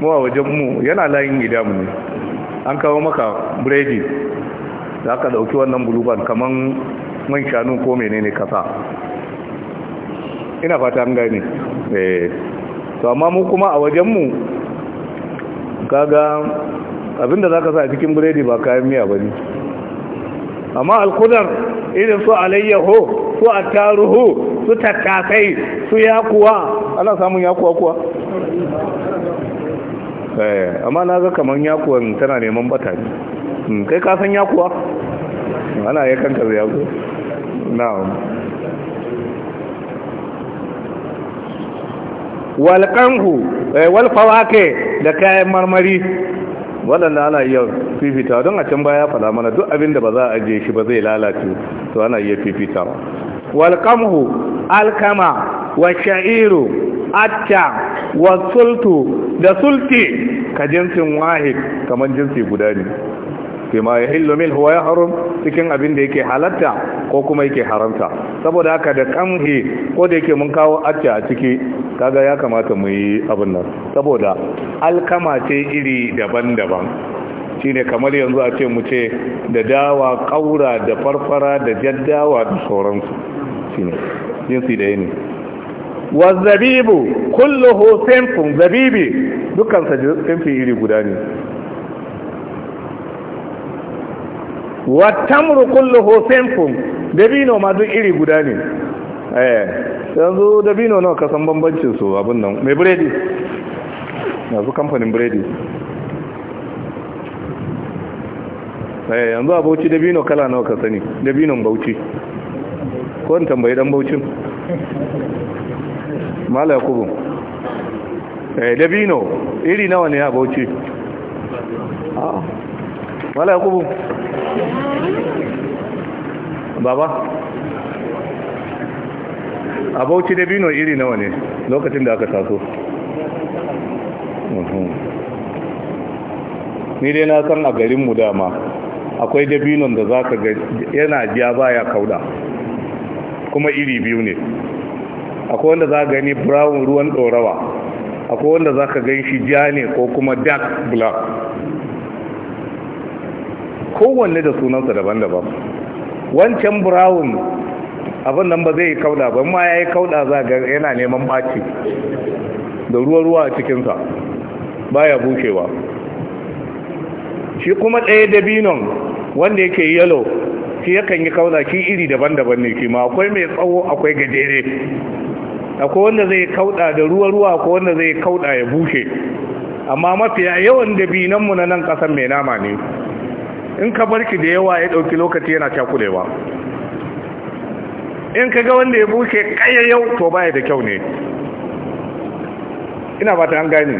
mu a wajen mu yana layin idam ne an kawo maka biredi za ka dauki wannan bluebird kaman man shanu ko menene kasa ina fata an gane eh to amma mu kuma a wajen mu kaga abinda zaka sa cikin biredi ba kayan miya bane amma alkudar irin su alayyaho su attaruhu su tattakai su yakuwa ana samun yakuwa kuwa eh, amma na ga kamar yakuwan tana neman bata ne hmm, kai ka san yakuwa ana ya kankar yaku. yakuwa na'am walƙanhu eh, ke da kayan marmari waɗanda ana iya fifita don a can baya faɗa mana duk abin da ba za a ajiye shi ba zai lalace to ana iya fifita wal qamhu alkama wa sha'iru atta wa sultu da sulti ka jinsin wahid kamar jinsi guda ne ma ya hillo min huwa ya harum cikin abin da yake halatta ko kuma yake haramta saboda haka da kamhi ko da yake mun kawo acca a ciki kaga ya kamata mu yi abin nan saboda alkama ce iri daban-daban shine kamar yanzu a ce mu ce da dawa kaura da farfara da jaddawa da sauransu shine jinsi da yini wazabibu kulluhu sinfun zabibi dukkan sa iri guda ne wattamru kulluhu sinfun dabino ma duk iri guda ne eh yanzu dabino nawa ka san bambancin su abin nan mai biredi yanzu kamfanin biredi eh yanzu a bauchi dabino kala nawa ka sani dabinon bauchi ko in tambayi dan bauchin mala yakubu eh dabino iri nawa ne a bauchi ah, mala yakubu baba a bauchi da bino iri nawa ne lokacin da aka taso ni dai na san a garinmu dama akwai dabinon da za ka yana ja baya kauda kuma iri biyu ne akwai wanda za ka gani brown ruwan dorawa akwai wanda za ka gan shi ja ne ko kuma dark black kowanne da sunansa daban-daban wancan brown abin nan ba zai yi kauda ba ma ya yi kauda za ga yana neman ɓaci da ruwa-ruwa a cikinsa baya bushewa shi kuma ɗaya dabinon wanda yake yalo shi yakan yi kauda shi iri daban-daban ne shi ma akwai mai tsawo akwai gajere akwai wanda zai kauda da ruwa-ruwa ko wanda zai kauda ya bushe amma mafiya yawan binonmu na nan ƙasan mai nama ne in ka bar ki da yawa ya ɗauki lokaci yana cakulewa in ka ga wanda ya buke yau to baya da kyau ne ina ba ta an gani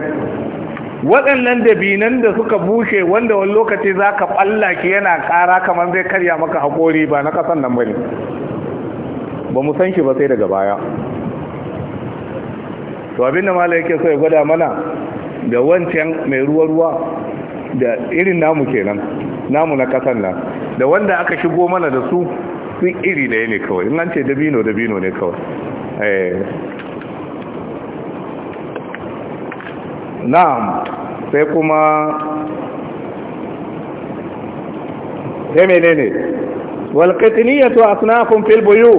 waɗannan dabinan da suka bushe wanda wani lokaci za ka ki yana ƙara kamar zai karya maka haƙori ba na ƙasan nan ba ne ba mu san shi ba sai daga baya to abin da mala yake so ya gwada mana da wancan mai ruwa-ruwa da irin namu kenan namu na kasan nan da wanda aka shigo mana da su duk iri da ne kawai in an ce dabino dabino ne kawai na'am sai kuma sai menene walƙitiniyatu asnafun fil buyu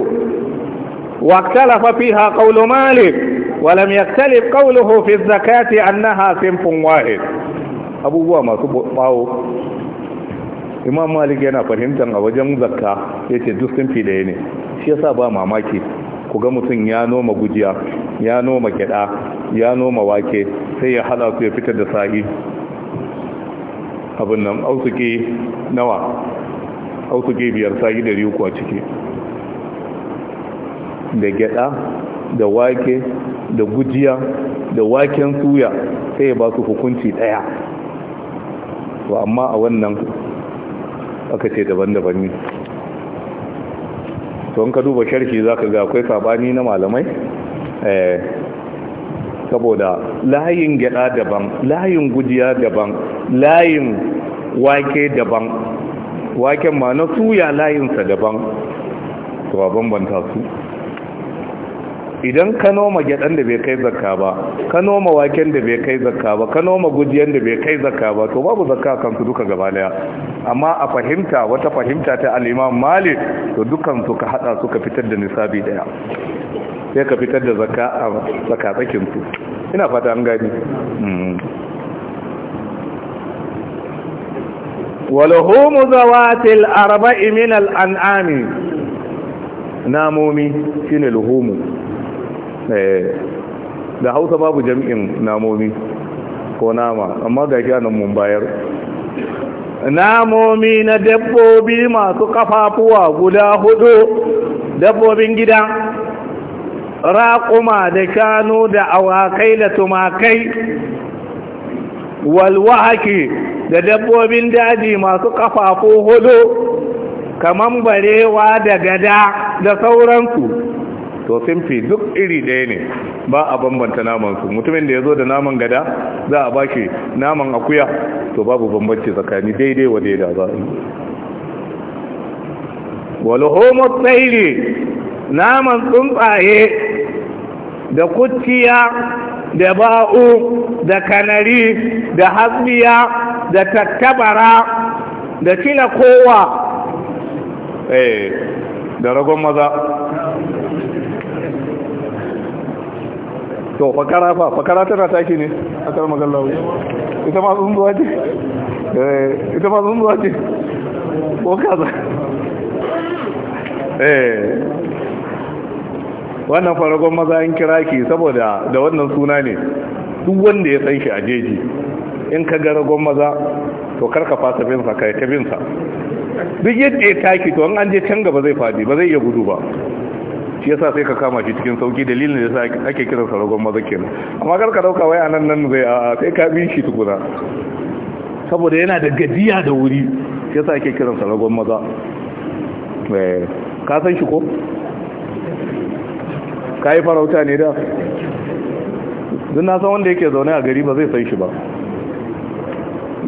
qawlu malik wa lam ولم qawluhu fi az-zakati annaha صنف wahid abubuwa masu bawo imam malik yana fahimtar a wajen zakka ya ce duk sun filaye ne shi yasa ba mamaki ku ga mutum ya noma gujiya ya noma gyada ya noma wake sai ya hada su ya fitar da sa'i abin nan ausuke nawa ausuke biyar sa'i da riku a ciki da gyada da wake da gujiya da waken suya sai ya ba su hukunci daya to amma a wannan aka ce daban-daban ne don ka duba sharhi za ka ga akwai sabani na malamai eh, saboda layin gyada daban layin gujiya daban layin wake daban waken ma na suya layinsa daban to a banta su idan ka noma gyaɗan da bai kai zakka ba ka noma waken da bai kai zakka ba ka noma gujiyan da bai kai zakka ba to babu zakka kan su duka gaba daya amma a fahimta wata fahimta ta al'imam mali Malik to dukan su ka hada su ka fitar da nisabi daya sai ka fitar da zakka a tsakin su ina fata an gani ولهم ذوات arba'i min al'an'ami namomi shine luhumu Eh, da hausa babu jam'in namomi ko nama amma ga shi nan mun bayar namomi na dabbobi masu kafafuwa guda hudu dabbobin gida raƙuma da shanu da awakai da tumakai walwahaki da dabbobin daji masu kafafu hudu kamar barewa da gada da sauransu to simfi duk iri ɗaya ne ba a bambanta namansu. mutumin da ya zo da naman gada za a bashi naman akuya to babu bambanci tsakani daidai wa daidai ba a tsairi naman tsuntsaye da kuciya da ba'u da kanari da hasbiya da tattabara da cina kowa eh, da ragon maza to fakara fa fakara tana taki ne a kan magallawa ita ma tsunduwa ce eh, ita ma tsunduwa ce ko kaza eh wannan faragon maza an kira ki saboda da wannan suna ne duk wanda ya san shi a jeji in ka ga ragon maza to karka fasa binsa kai ta binsa duk yadda ya taki to an je can gaba zai fadi ba zai iya gudu ba shi yasa sai ka kama shi cikin sauki dalilin da yasa ake kiran sa ragon maza kenan amma kar ka dauka wai anan nan zai a sai ka bi shi tukuna saboda yana da gajiya da wuri shi yasa ake kiran sa ragon maza eh ka san shi ko kai farauta ne da duk na san wanda yake zaune a gari ba zai san shi ba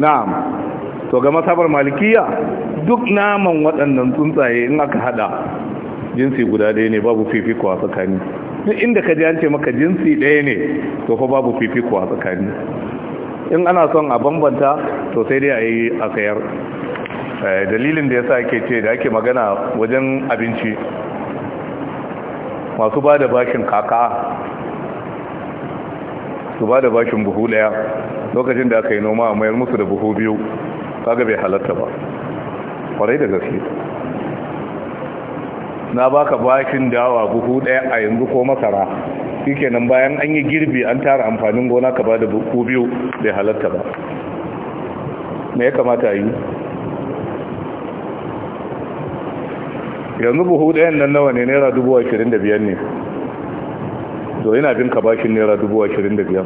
na'am to ga masabar malikiya duk naman waɗannan tsuntsaye in aka hada jinsi guda ɗaya ne babu fifiko a tsakani inda ka ji an ce maka jinsi ɗaya ne to fa babu fifiko a tsakani in ana son a bambanta to sai dai a yi a sayar eh, dalilin da ya sa ake ce da ake magana wajen abinci masu ba da bashin kaka su ba da bashin buhu ɗaya lokacin da aka yi noma a mayar musu da buhu biyu kaga bai halatta ba kwarai da gaske na baka bakin dawa buhu daya a yanzu ko masara kenan bayan an yi girbi an tara amfanin gona ka bada buhu biyu bai halatta ba me ya kamata yi yanzu buhu ɗayan nan nawa ne naira dubu ashirin da biyar ne to yana bin ka bashin naira dubu ashirin da biyar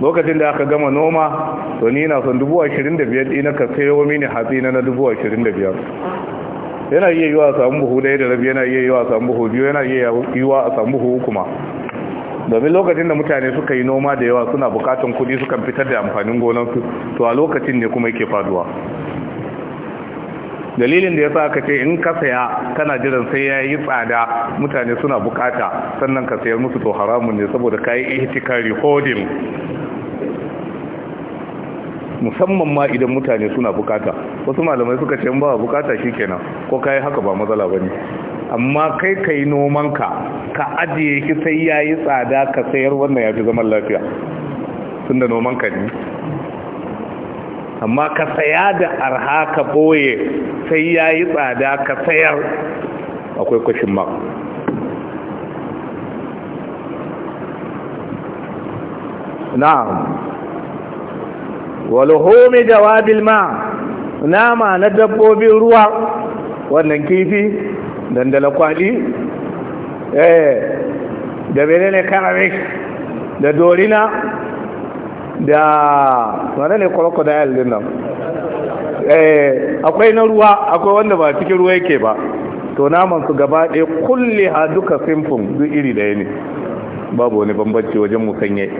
lokacin da aka gama noma to ni na son dubu ashirin da biyar ɗina ka sayo mini hatsi na na dubu ashirin da biyar yana iya yiwa a samu buhu ɗaya da rabi yana iya yiwa a samu buhu biyu yana iya yiwa a samu buhu kuma domin lokacin da mutane suka yi noma da yawa suna bukatan kudi sukan fitar da amfanin gonansu to a lokacin ne kuma yake faduwa dalilin da ya sa aka ce in ka saya kana jiran sai ya yi tsada mutane suna bukata sannan ka sayar musu to haramun ne saboda ka yi ihtikari hodin musamman ma idan mutane suna bukata wasu malamai suka ce ba bukata kenan, ko kai haka ba matsala bane amma kai kai noman ka ka ajiye shi sai yayi tsada ka sayar wannan yafi zaman lafiya tunda noman ka ne amma ka saya da arha ka boye sai yayi tsada ka sayar akwai kwashin ma. na'am walhomi jawabil ma nama na dabbobin ruwa wannan kifi dandala kwali eh, da ne karamik da dorina da wane ne crocodile din nan eh, akwai na ruwa akwai wanda ba cikin ruwa yake ba to naman su gaba ɗaya kulle ha duka simfin duk iri ɗaya ne babu wani bambanci wajen musanye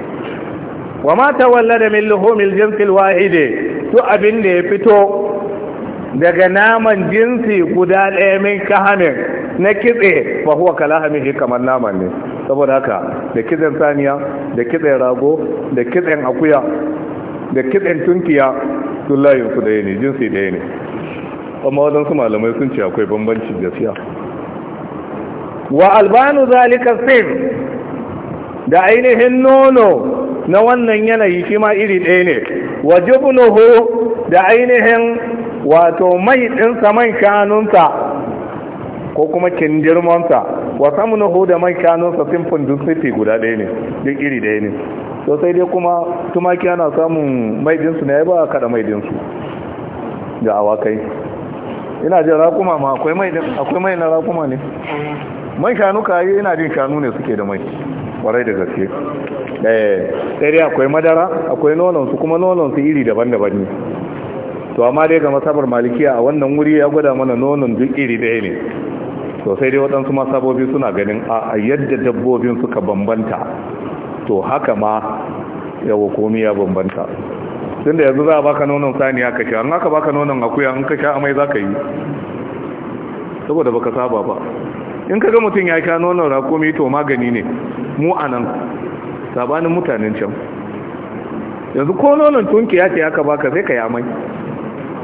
wa ma da min luhumil jinsil wahide to abin da ya fito daga naman jinsi guda ɗaya min kahamin na kitse ba huwa shi kamar naman ne saboda haka da kitsen saniya da kitsen rago da kitsen akuya da kitsen tunkiya duk layin su ɗaya ne jinsi ɗaya ne amma waɗansu malamai sun ce akwai bambanci gaskiya wa albanu zalika sin da ainihin nono na wannan yanayi shi ma iri ɗaya ne wa jubnuhu da ainihin wato mai ɗinsa man shanunsa ko kuma kindirmonsa wa samnuhu da man shanunsa simfin dusifi guda ɗaya ne duk iri ɗaya ne to sai dai kuma tumaki ana samun mai ɗinsu ne ba kada mai ɗinsu ga awakai ina jin rakuma ma akwai mai na rakuma ne man shanu kayi ina jin shanu ne suke da mai kwarai da gaske Ɗaya eh, akwai madara akwai nononsu. kuma nononsu iri daban-daban ne to amma dai ga masabar malikiya a wannan wuri ya gwada mana nonon duk iri ɗaya ne to sai dai waɗansu masabobi suna ganin a yadda dabbobin suka bambanta to haka ma yawa komi ya bambanta tun da yanzu za a baka nonon saniya ka sha an haka baka nonon akuya in ka sha amai za ka yi saboda baka saba ba in ka ga mutum ya sha nonon rakumi to magani ne mu a nan sabanin mutanen can yanzu ko nonon tunki ya ce aka baka sai ka yamai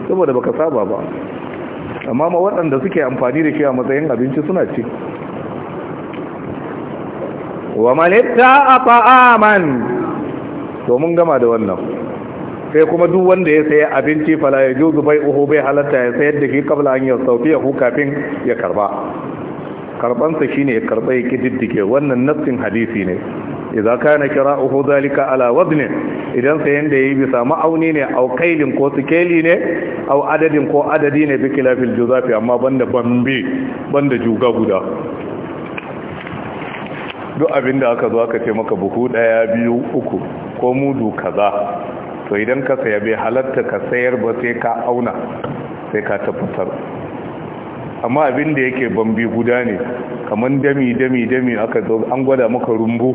saboda baka saba ba amma ma waɗanda suke amfani da shi a matsayin abinci suna ci wa malitta a fa'aman domin gama da wannan sai kuma duk wanda ya sayi abinci fala ya juzu bai uhu bai halatta ya sayar da shi kabla an yau sauki kafin ya karba karbansa shine ya karba ya kididdige wannan nassin hadisi ne idza kana uhu dalika ala wazni idan sai yanda yayi bisa ma'auni ne au kailin ko sikeli ne au adadin ko adadi ne bi kilafil juzafi amma banda bambe banda juga guda duk abinda aka zo aka ce maka buhu daya biyu uku ko mudu kaza to idan ka saya bai halatta ka sayar ba sai ka auna sai ka tabbatar amma abin da yake bambi guda ne kamar dami dami dami aka zo an gwada maka rumbu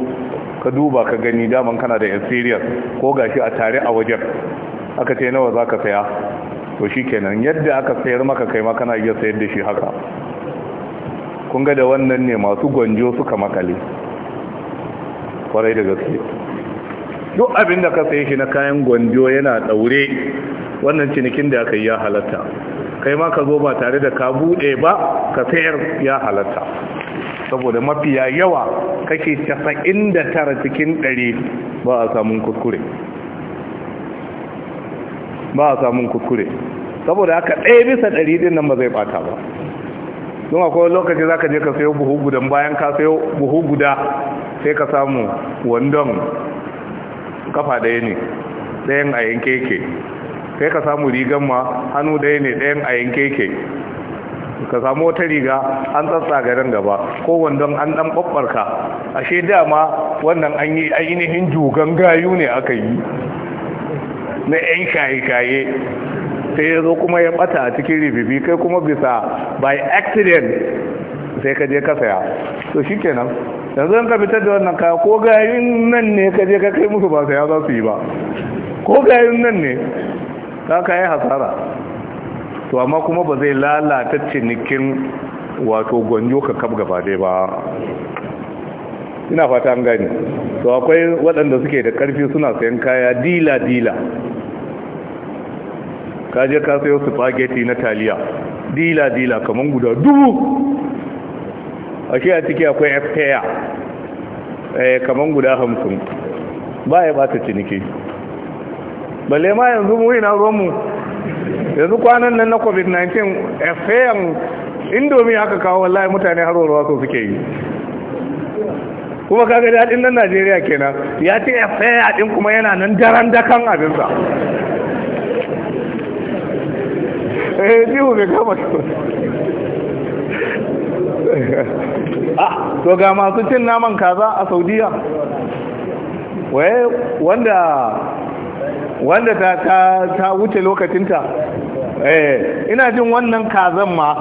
ka duba ka gani daman kana da inferior ko gashi a tare a wajen aka ce nawa zaka saya to shi kenan yadda aka sayar maka kai ma kana iya sayar da shi haka kun ga da wannan ne masu gwanjo suka makale kwarai da gaske duk abin da ka saye shi na kayan gwanjo yana daure wannan cinikin da aka yi ya halatta kai ma ka zo ba tare da ka buɗe ba ka sayar ya halatta saboda mafiya yawa kake tara cikin 100 ba a samun kukure ba a samun kukure saboda aka ɗaya bisa ɗari ɗin nan ba zai bata ba don akwai lokaci za ka je ka sayo buhu gudan bayan ka sayo buhu guda sai ka samu wandon kafa ɗaya ne ɗayan a yanke yake sai ka samu rigan ma hannu ɗaya ne ɗayan a yanke ke ka samu wata riga an tsatsa garin gaba ko wandon an dan a ashe dama wannan an yi ainihin jugan gayu ne aka yi na yan shaye-shaye sai ya zo kuma ya ɓata a cikin ribibi kai kuma bisa by accident sai ka je ka saya to shikenan yanzu ka fitar da wannan kaya ko gayun nan ne ka je ka kai musu ba ya za su yi ba ko gayun nan ne kaka yi hasara to amma kuma ba zai lalata cinikin wato gwanjo ka kaf gaba dai ba ina fata an gani to akwai waɗanda suke da ƙarfi suna sayan kaya dila-dila kaje ka sayo spaghetti na taliya dila-dila kamar guda dubu shi a ciki akwai fpr eh, kamar guda hamsin ba ya bata ciniki balle ma yanzu mu ina ruwanmu yanzu kwanan nan na covid-19 fayan indomi aka kawo wallahi mutane har warwa so suke yi kuma kaga daɗin nan najeriya kenan ya ce faya ɗin kuma yana nan daren dakan abinsa eh jihu bai kama ah to ga masu cin naman kaza a saudiya wanda wanda ta ta wuce lokacinta eh ina jin wannan kazan ma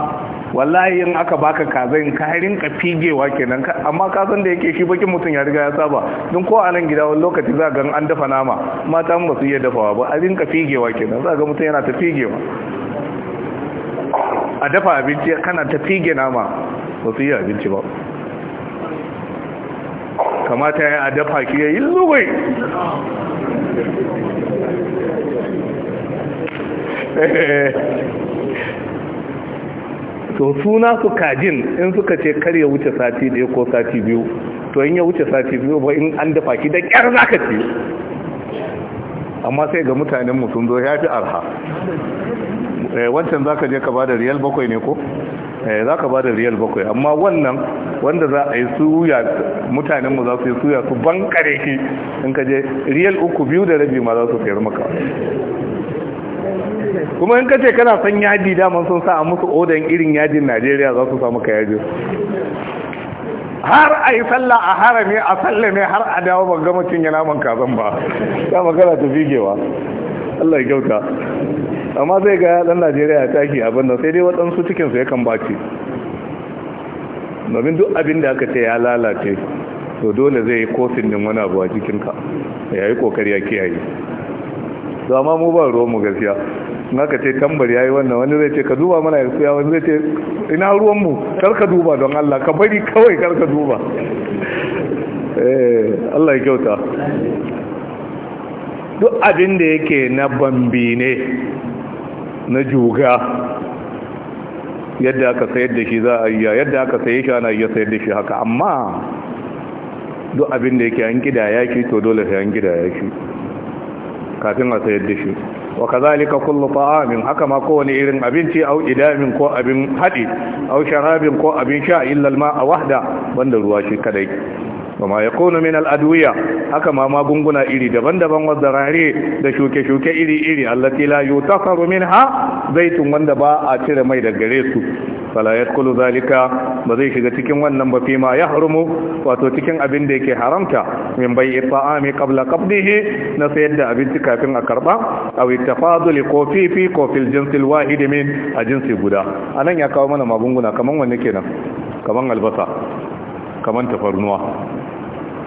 wallahi in aka baka kazan ka rinka figewa kenan amma kazan da yake shi bakin mutum ya riga ya saba don ko a nan gida wani lokaci za ga an dafa nama mata ba su iya dafawa ba a rinka figewa kenan za ga mutum yana ta figewa a dafa abinci kana ta fige nama ba su iya abinci ba kamata ya dafa ki ya yi lugai to suna su kajin in suka ce kar ya wuce sati ɗaya ko sati biyu to in ya wuce sati biyu ba in an dafa ki da kyar za ka ce amma sai ga mutanen mutum zo ya fi arha eh, wancan za ka je ka ba da riyal bakwai ne ko? Eh, za ka ba da riyal bakwai amma wannan wanda za a yi suya mutanenmu za su yi suya su bankare ki in ka je riyal uku biyu da rabi ma za su sayar maka kuma in ka ce kana son yadi daman sun sa a musu odan irin yadin najeriya za su sa maka yaji har a yi sallah a harami a sallame har a dawo ban gama cinye naman kazan ba ka magana ta figewa Allah ya kyauta amma zai ga dan najeriya ya tashi abin da sai dai waɗansu cikinsu yakan baci domin duk abin da aka ce ya lalace to dole zai yi kofin din wani abu a jikinka ya yi kokari ya kiyaye to amma mu ba ruwan mu gaskiya in aka ce tambar yi wannan wani zai ce ka duba mana ya suya wani zai ce ina ruwan mu kar ka duba don Allah ka bari kawai kar ka duba eh Allah ya kyauta duk abin da yake na bambi ne na juga yadda aka sayar da shi za a yi yadda aka sayi shi ana iya sayar da shi haka amma duk abin da yake an ya shi to dole sai an ya shi kafin a sayar da shi wa kazalika kullu ta'amin haka ma kowane irin abinci au idamin ko abin hadi au sharabin ko abin sha illa al-ma'a wahda banda ruwa shi kadai kuma ya kone min al'adwiya haka ma magunguna iri daban-daban wadda rare da shuke-shuke iri-iri ta la yutasaru ha zaitun wanda ba a cire mai da gare su fala yadkhulu zalika ba zai shiga cikin wannan ba fima ya harumu wato cikin abin da yake haramta min bai'i mai kabla qabdihi na sayar da abinci kafin a karba aw ittafadul ko fi fi ko fil jinsil wahid min a jinsi guda anan ya kawo mana magunguna kaman wanne kenan kaman albasa kamar tafarnuwa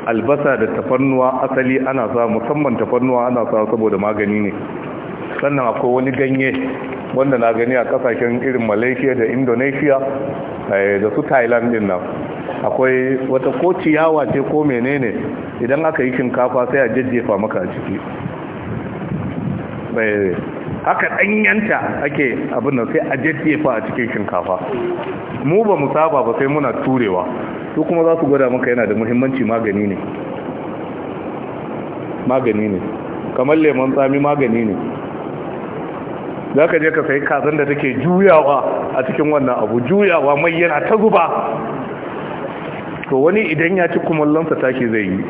albasa da tafarnuwa asali ana sa musamman tafarnuwa ana sa saboda magani ne sannan akwai wani ganye wanda na gani a kasashen irin malaysia da indonesia eh, da su thailand din nan akwai wata ko ciyawa ce ko menene idan aka yi shinkafa sai a jajjefa maka a ciki eh, haka ɗanyanta ake abin sai a jajjefa a cikin shinkafa mu ba mu saba ba sai muna turewa to kuma za su gwada maka yana da muhimmanci magani ne magani ne kamar lemon tsami magani ne za ka je ka sai kazan da take juyawa a cikin wannan abu juyawa mai yana ta zuba to wani idan ya ci kumallonsa tashi zai yi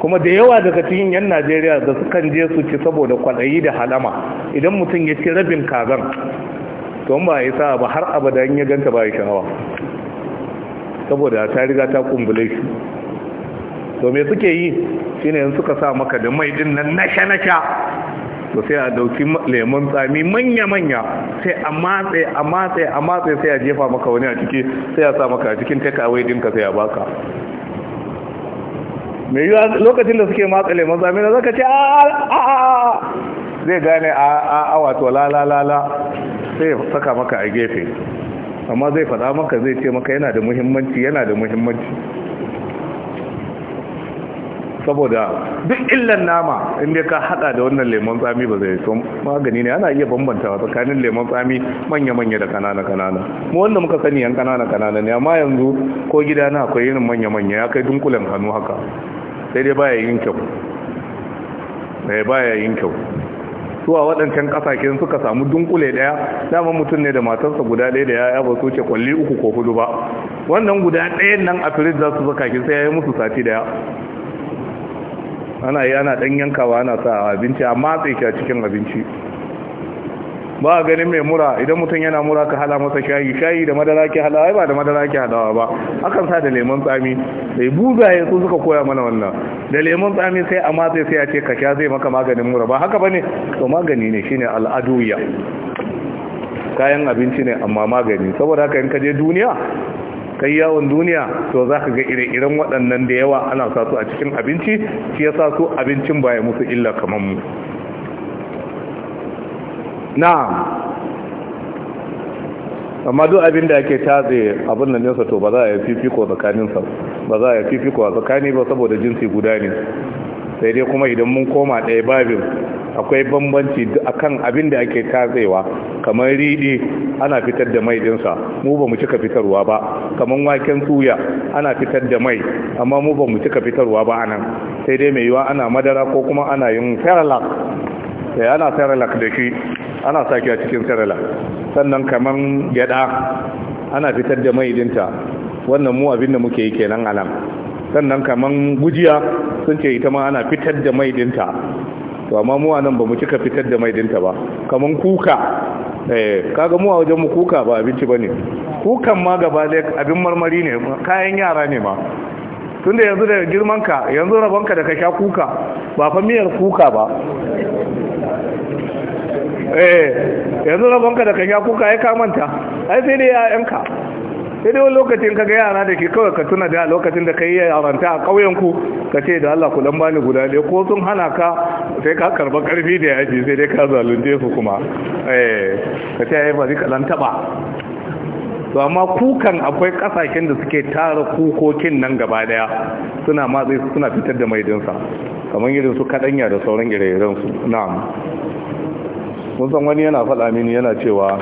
kuma da yawa daga cikin yan najeriya da sukan je su ci saboda kwaɗayi da halama idan mutum ya ci rabin kazan don ba a yi sa ba har abada in ya ganta ba ya sha'awa saboda ta riga ta kumbule shi to me suke yi shine in suka sa maka da mai din nan nasha nasha to sai a dauki lemon tsami manya manya sai a matse a matse a matse sai a jefa maka wani a ciki sai a sa maka a cikin take away dinka sai a baka me yi lokacin da suke matsa lemon tsami na zaka ce a a zai gane a a wato la la la la sai saka maka a gefe amma zai faɗa maka zai ce maka yana da muhimmanci yana da muhimmanci saboda duk illan nama inda ka haɗa da wannan lemon tsami ba zai so magani ne ana iya bambanta tsakanin lemon tsami manya-manya da kanana-kanana mu wanda muka sani yan kanana-kanana ne amma yanzu ko gida na akwai yin manya-manya ya kai dunkulen hannu haka sai dai baya yin eh, baya yin kyau suwa waɗancan ƙasashen suka samu dunkule ɗaya dama mutum ne da matarsa guda ɗaya da yaya ba su ce kwalli uku ko hudu ba wannan guda ɗayan nan a firij za su zaka shi sai ya yi musu sati ɗaya ana yi ana ɗan yankawa ana sa abinci a matse shi a cikin abinci ba a ganin mai mura idan mutum yana mura ka hala masa shayi shayi da madara ke halawa ba da madara ke halawa ba akan sa da lemon tsami sai ya su suka koya mana wannan da lemon tsami sai a matsayi sai a ce ka sha zai maka maganin mura ba haka bane to magani ne shine al'aduya kayan abinci ne amma magani saboda haka in ka je duniya kai yawon duniya to za ka ga ire-iren waɗannan da yawa ana sa su a cikin abinci shi ya sa su abincin baya musu illa kamar mu na'am amma duk abin da ake tatse abin da nesa to ba za a yi fifiko tsakaninsa ba za a yi fifiko a tsakani ba saboda jinsi guda ne sai dai kuma idan mun koma ɗaya babin akwai bambanci akan abin da ake tatsewa kamar riɗi ana fitar da mai ɗinsa mu ba mu cika fitarwa ba kamar waken suya ana fitar da mai amma mu ba mu cika fitarwa ba anan sai dai mai yiwa ana madara ko kuma ana yin feralak sai eh, ana feralak da shi ana sake a cikin sarala sannan kamar gyada ana fitar da mai dinta wannan mu abin da muke yi kenan anan sannan kamar gujiya sun ce ita ma ana fitar da mai dinta to amma mu anan ba mu cika fitar da mai dinta ba kaman kuka eh kaga mu a wajen mu kuka ba abinci bane kukan ma gaba da abin marmari ne kayan yara ne ma tunda yanzu da girman ka yanzu rabonka da ka sha kuka ba fa miyar kuka ba eh yanzu rabonka da kanya kuka ya kamanta ai sai dai yayanka sai dai wani lokacin ka ga yara da ke kawai ka tuna da lokacin da ka yi yaranta a ƙauyenku ka ce da Allah ku dan bani guda ɗaya ko sun hana ka sai ka karba ƙarfi da yaji sai dai ka zalunce su kuma eh, ka ce ai bari ka dan taɓa to amma kukan akwai kasashen da suke tara kukokin nan gaba daya suna matsayi suna fitar da maidinsa kamar irin su kadanya da sauran ire-iren na'am kun san wani yana faɗa mini yana cewa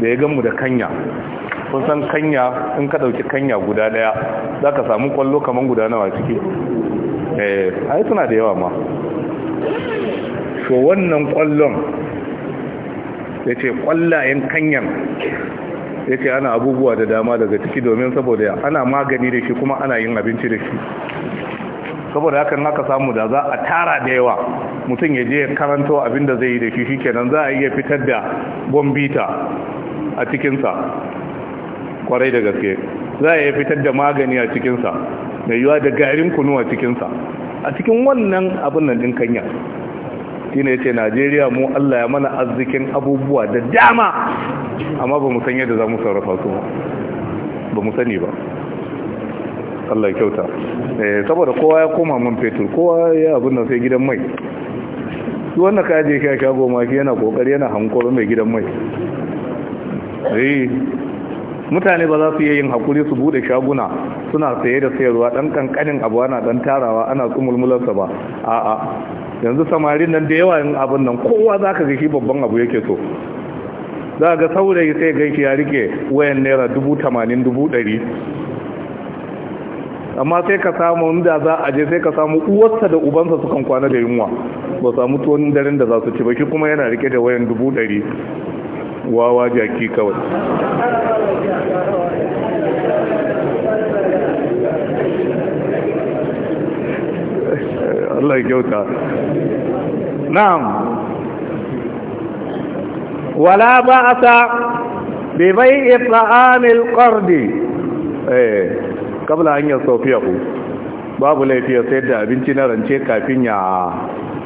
da ya gamu da kanya kun san kanya in ka ɗauki kanya guda ɗaya za ka samu kwallo kamar guda nawa ciki eh ai suna da yawa ma so wannan kwallon ya ce kwallayen kanyan ya ce ana abubuwa da dama daga ciki domin saboda ana magani da shi kuma ana yin abinci da shi saboda hakan aka samu da za a tara da yawa mutum ya je karanto abin da zai yi da shi shikenan za a iya fitar da gombita a cikinsa kwarai da gaske za a iya fitar da magani a cikinsa mai yiwa da garin kunu a cikinsa a cikin wannan abin nan din kanya shi ne ce najeriya mu allah ya mana arzikin abubuwa da dama amma ba mu san yadda za mu sarrafa su ba mu sani ba Allah kyauta eh, saboda kowa ya koma man fetur kowa ya abin nan sai gidan mai su wanda ka je kai shago ma yana kokari yana hankoro mai gidan mai eh mutane ba za su iya yin hakuri su bude shaguna suna saye da sayarwa dan kankanin abu ana dan tarawa ana tsumulmularsa ba a'a yanzu samarin nan da yawa yin abin nan kowa za ka gashi babban abu yake so za ga saurayi sai gaiki ya rike wayan naira dubu tamanin dubu ɗari amma sai ka samu wanda za a je sai ka samu uwarsa da ubansa sukan kwana da yunwa ba samu tuwon daren da za su ci ba shi kuma yana rike da wayan dubu ɗari wawa jaki kawai Allah kyauta na'am wala ba'asa bi bai'i ta'amil qardi eh kabla hanyar sofiya ku babu laifiyar sayar da abinci na rance kafin ya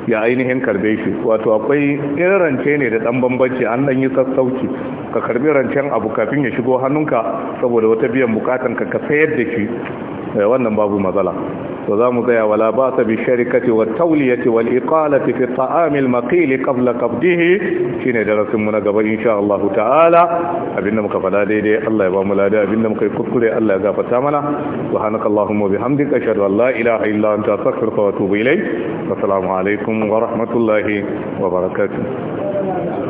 ya ainihin karbe shi wato akwai irin rance ne da dan bambanci an dan yi sassauci ka karbi rancen abu kafin ya shigo hannunka saboda wata biyan bukatan ka ka sayar da shi Eh, wannan babu matsala to za mu tsaya wala ba ta bi sharikati wa tauliyati wal iqalati fi ta'amil maqil qabla qabdihi shine darasin mu na gaba insha Allah ta'ala abinda muka fada daidai Allah ya ba mu lada abinda muka yi kuskure Allah ya gafarta mana subhanaka allahumma bihamdika ashhadu an la ilaha illa anta astaghfiruka wa atubu ilayk assalamu alaikum wa rahmatullahi wa barakatuh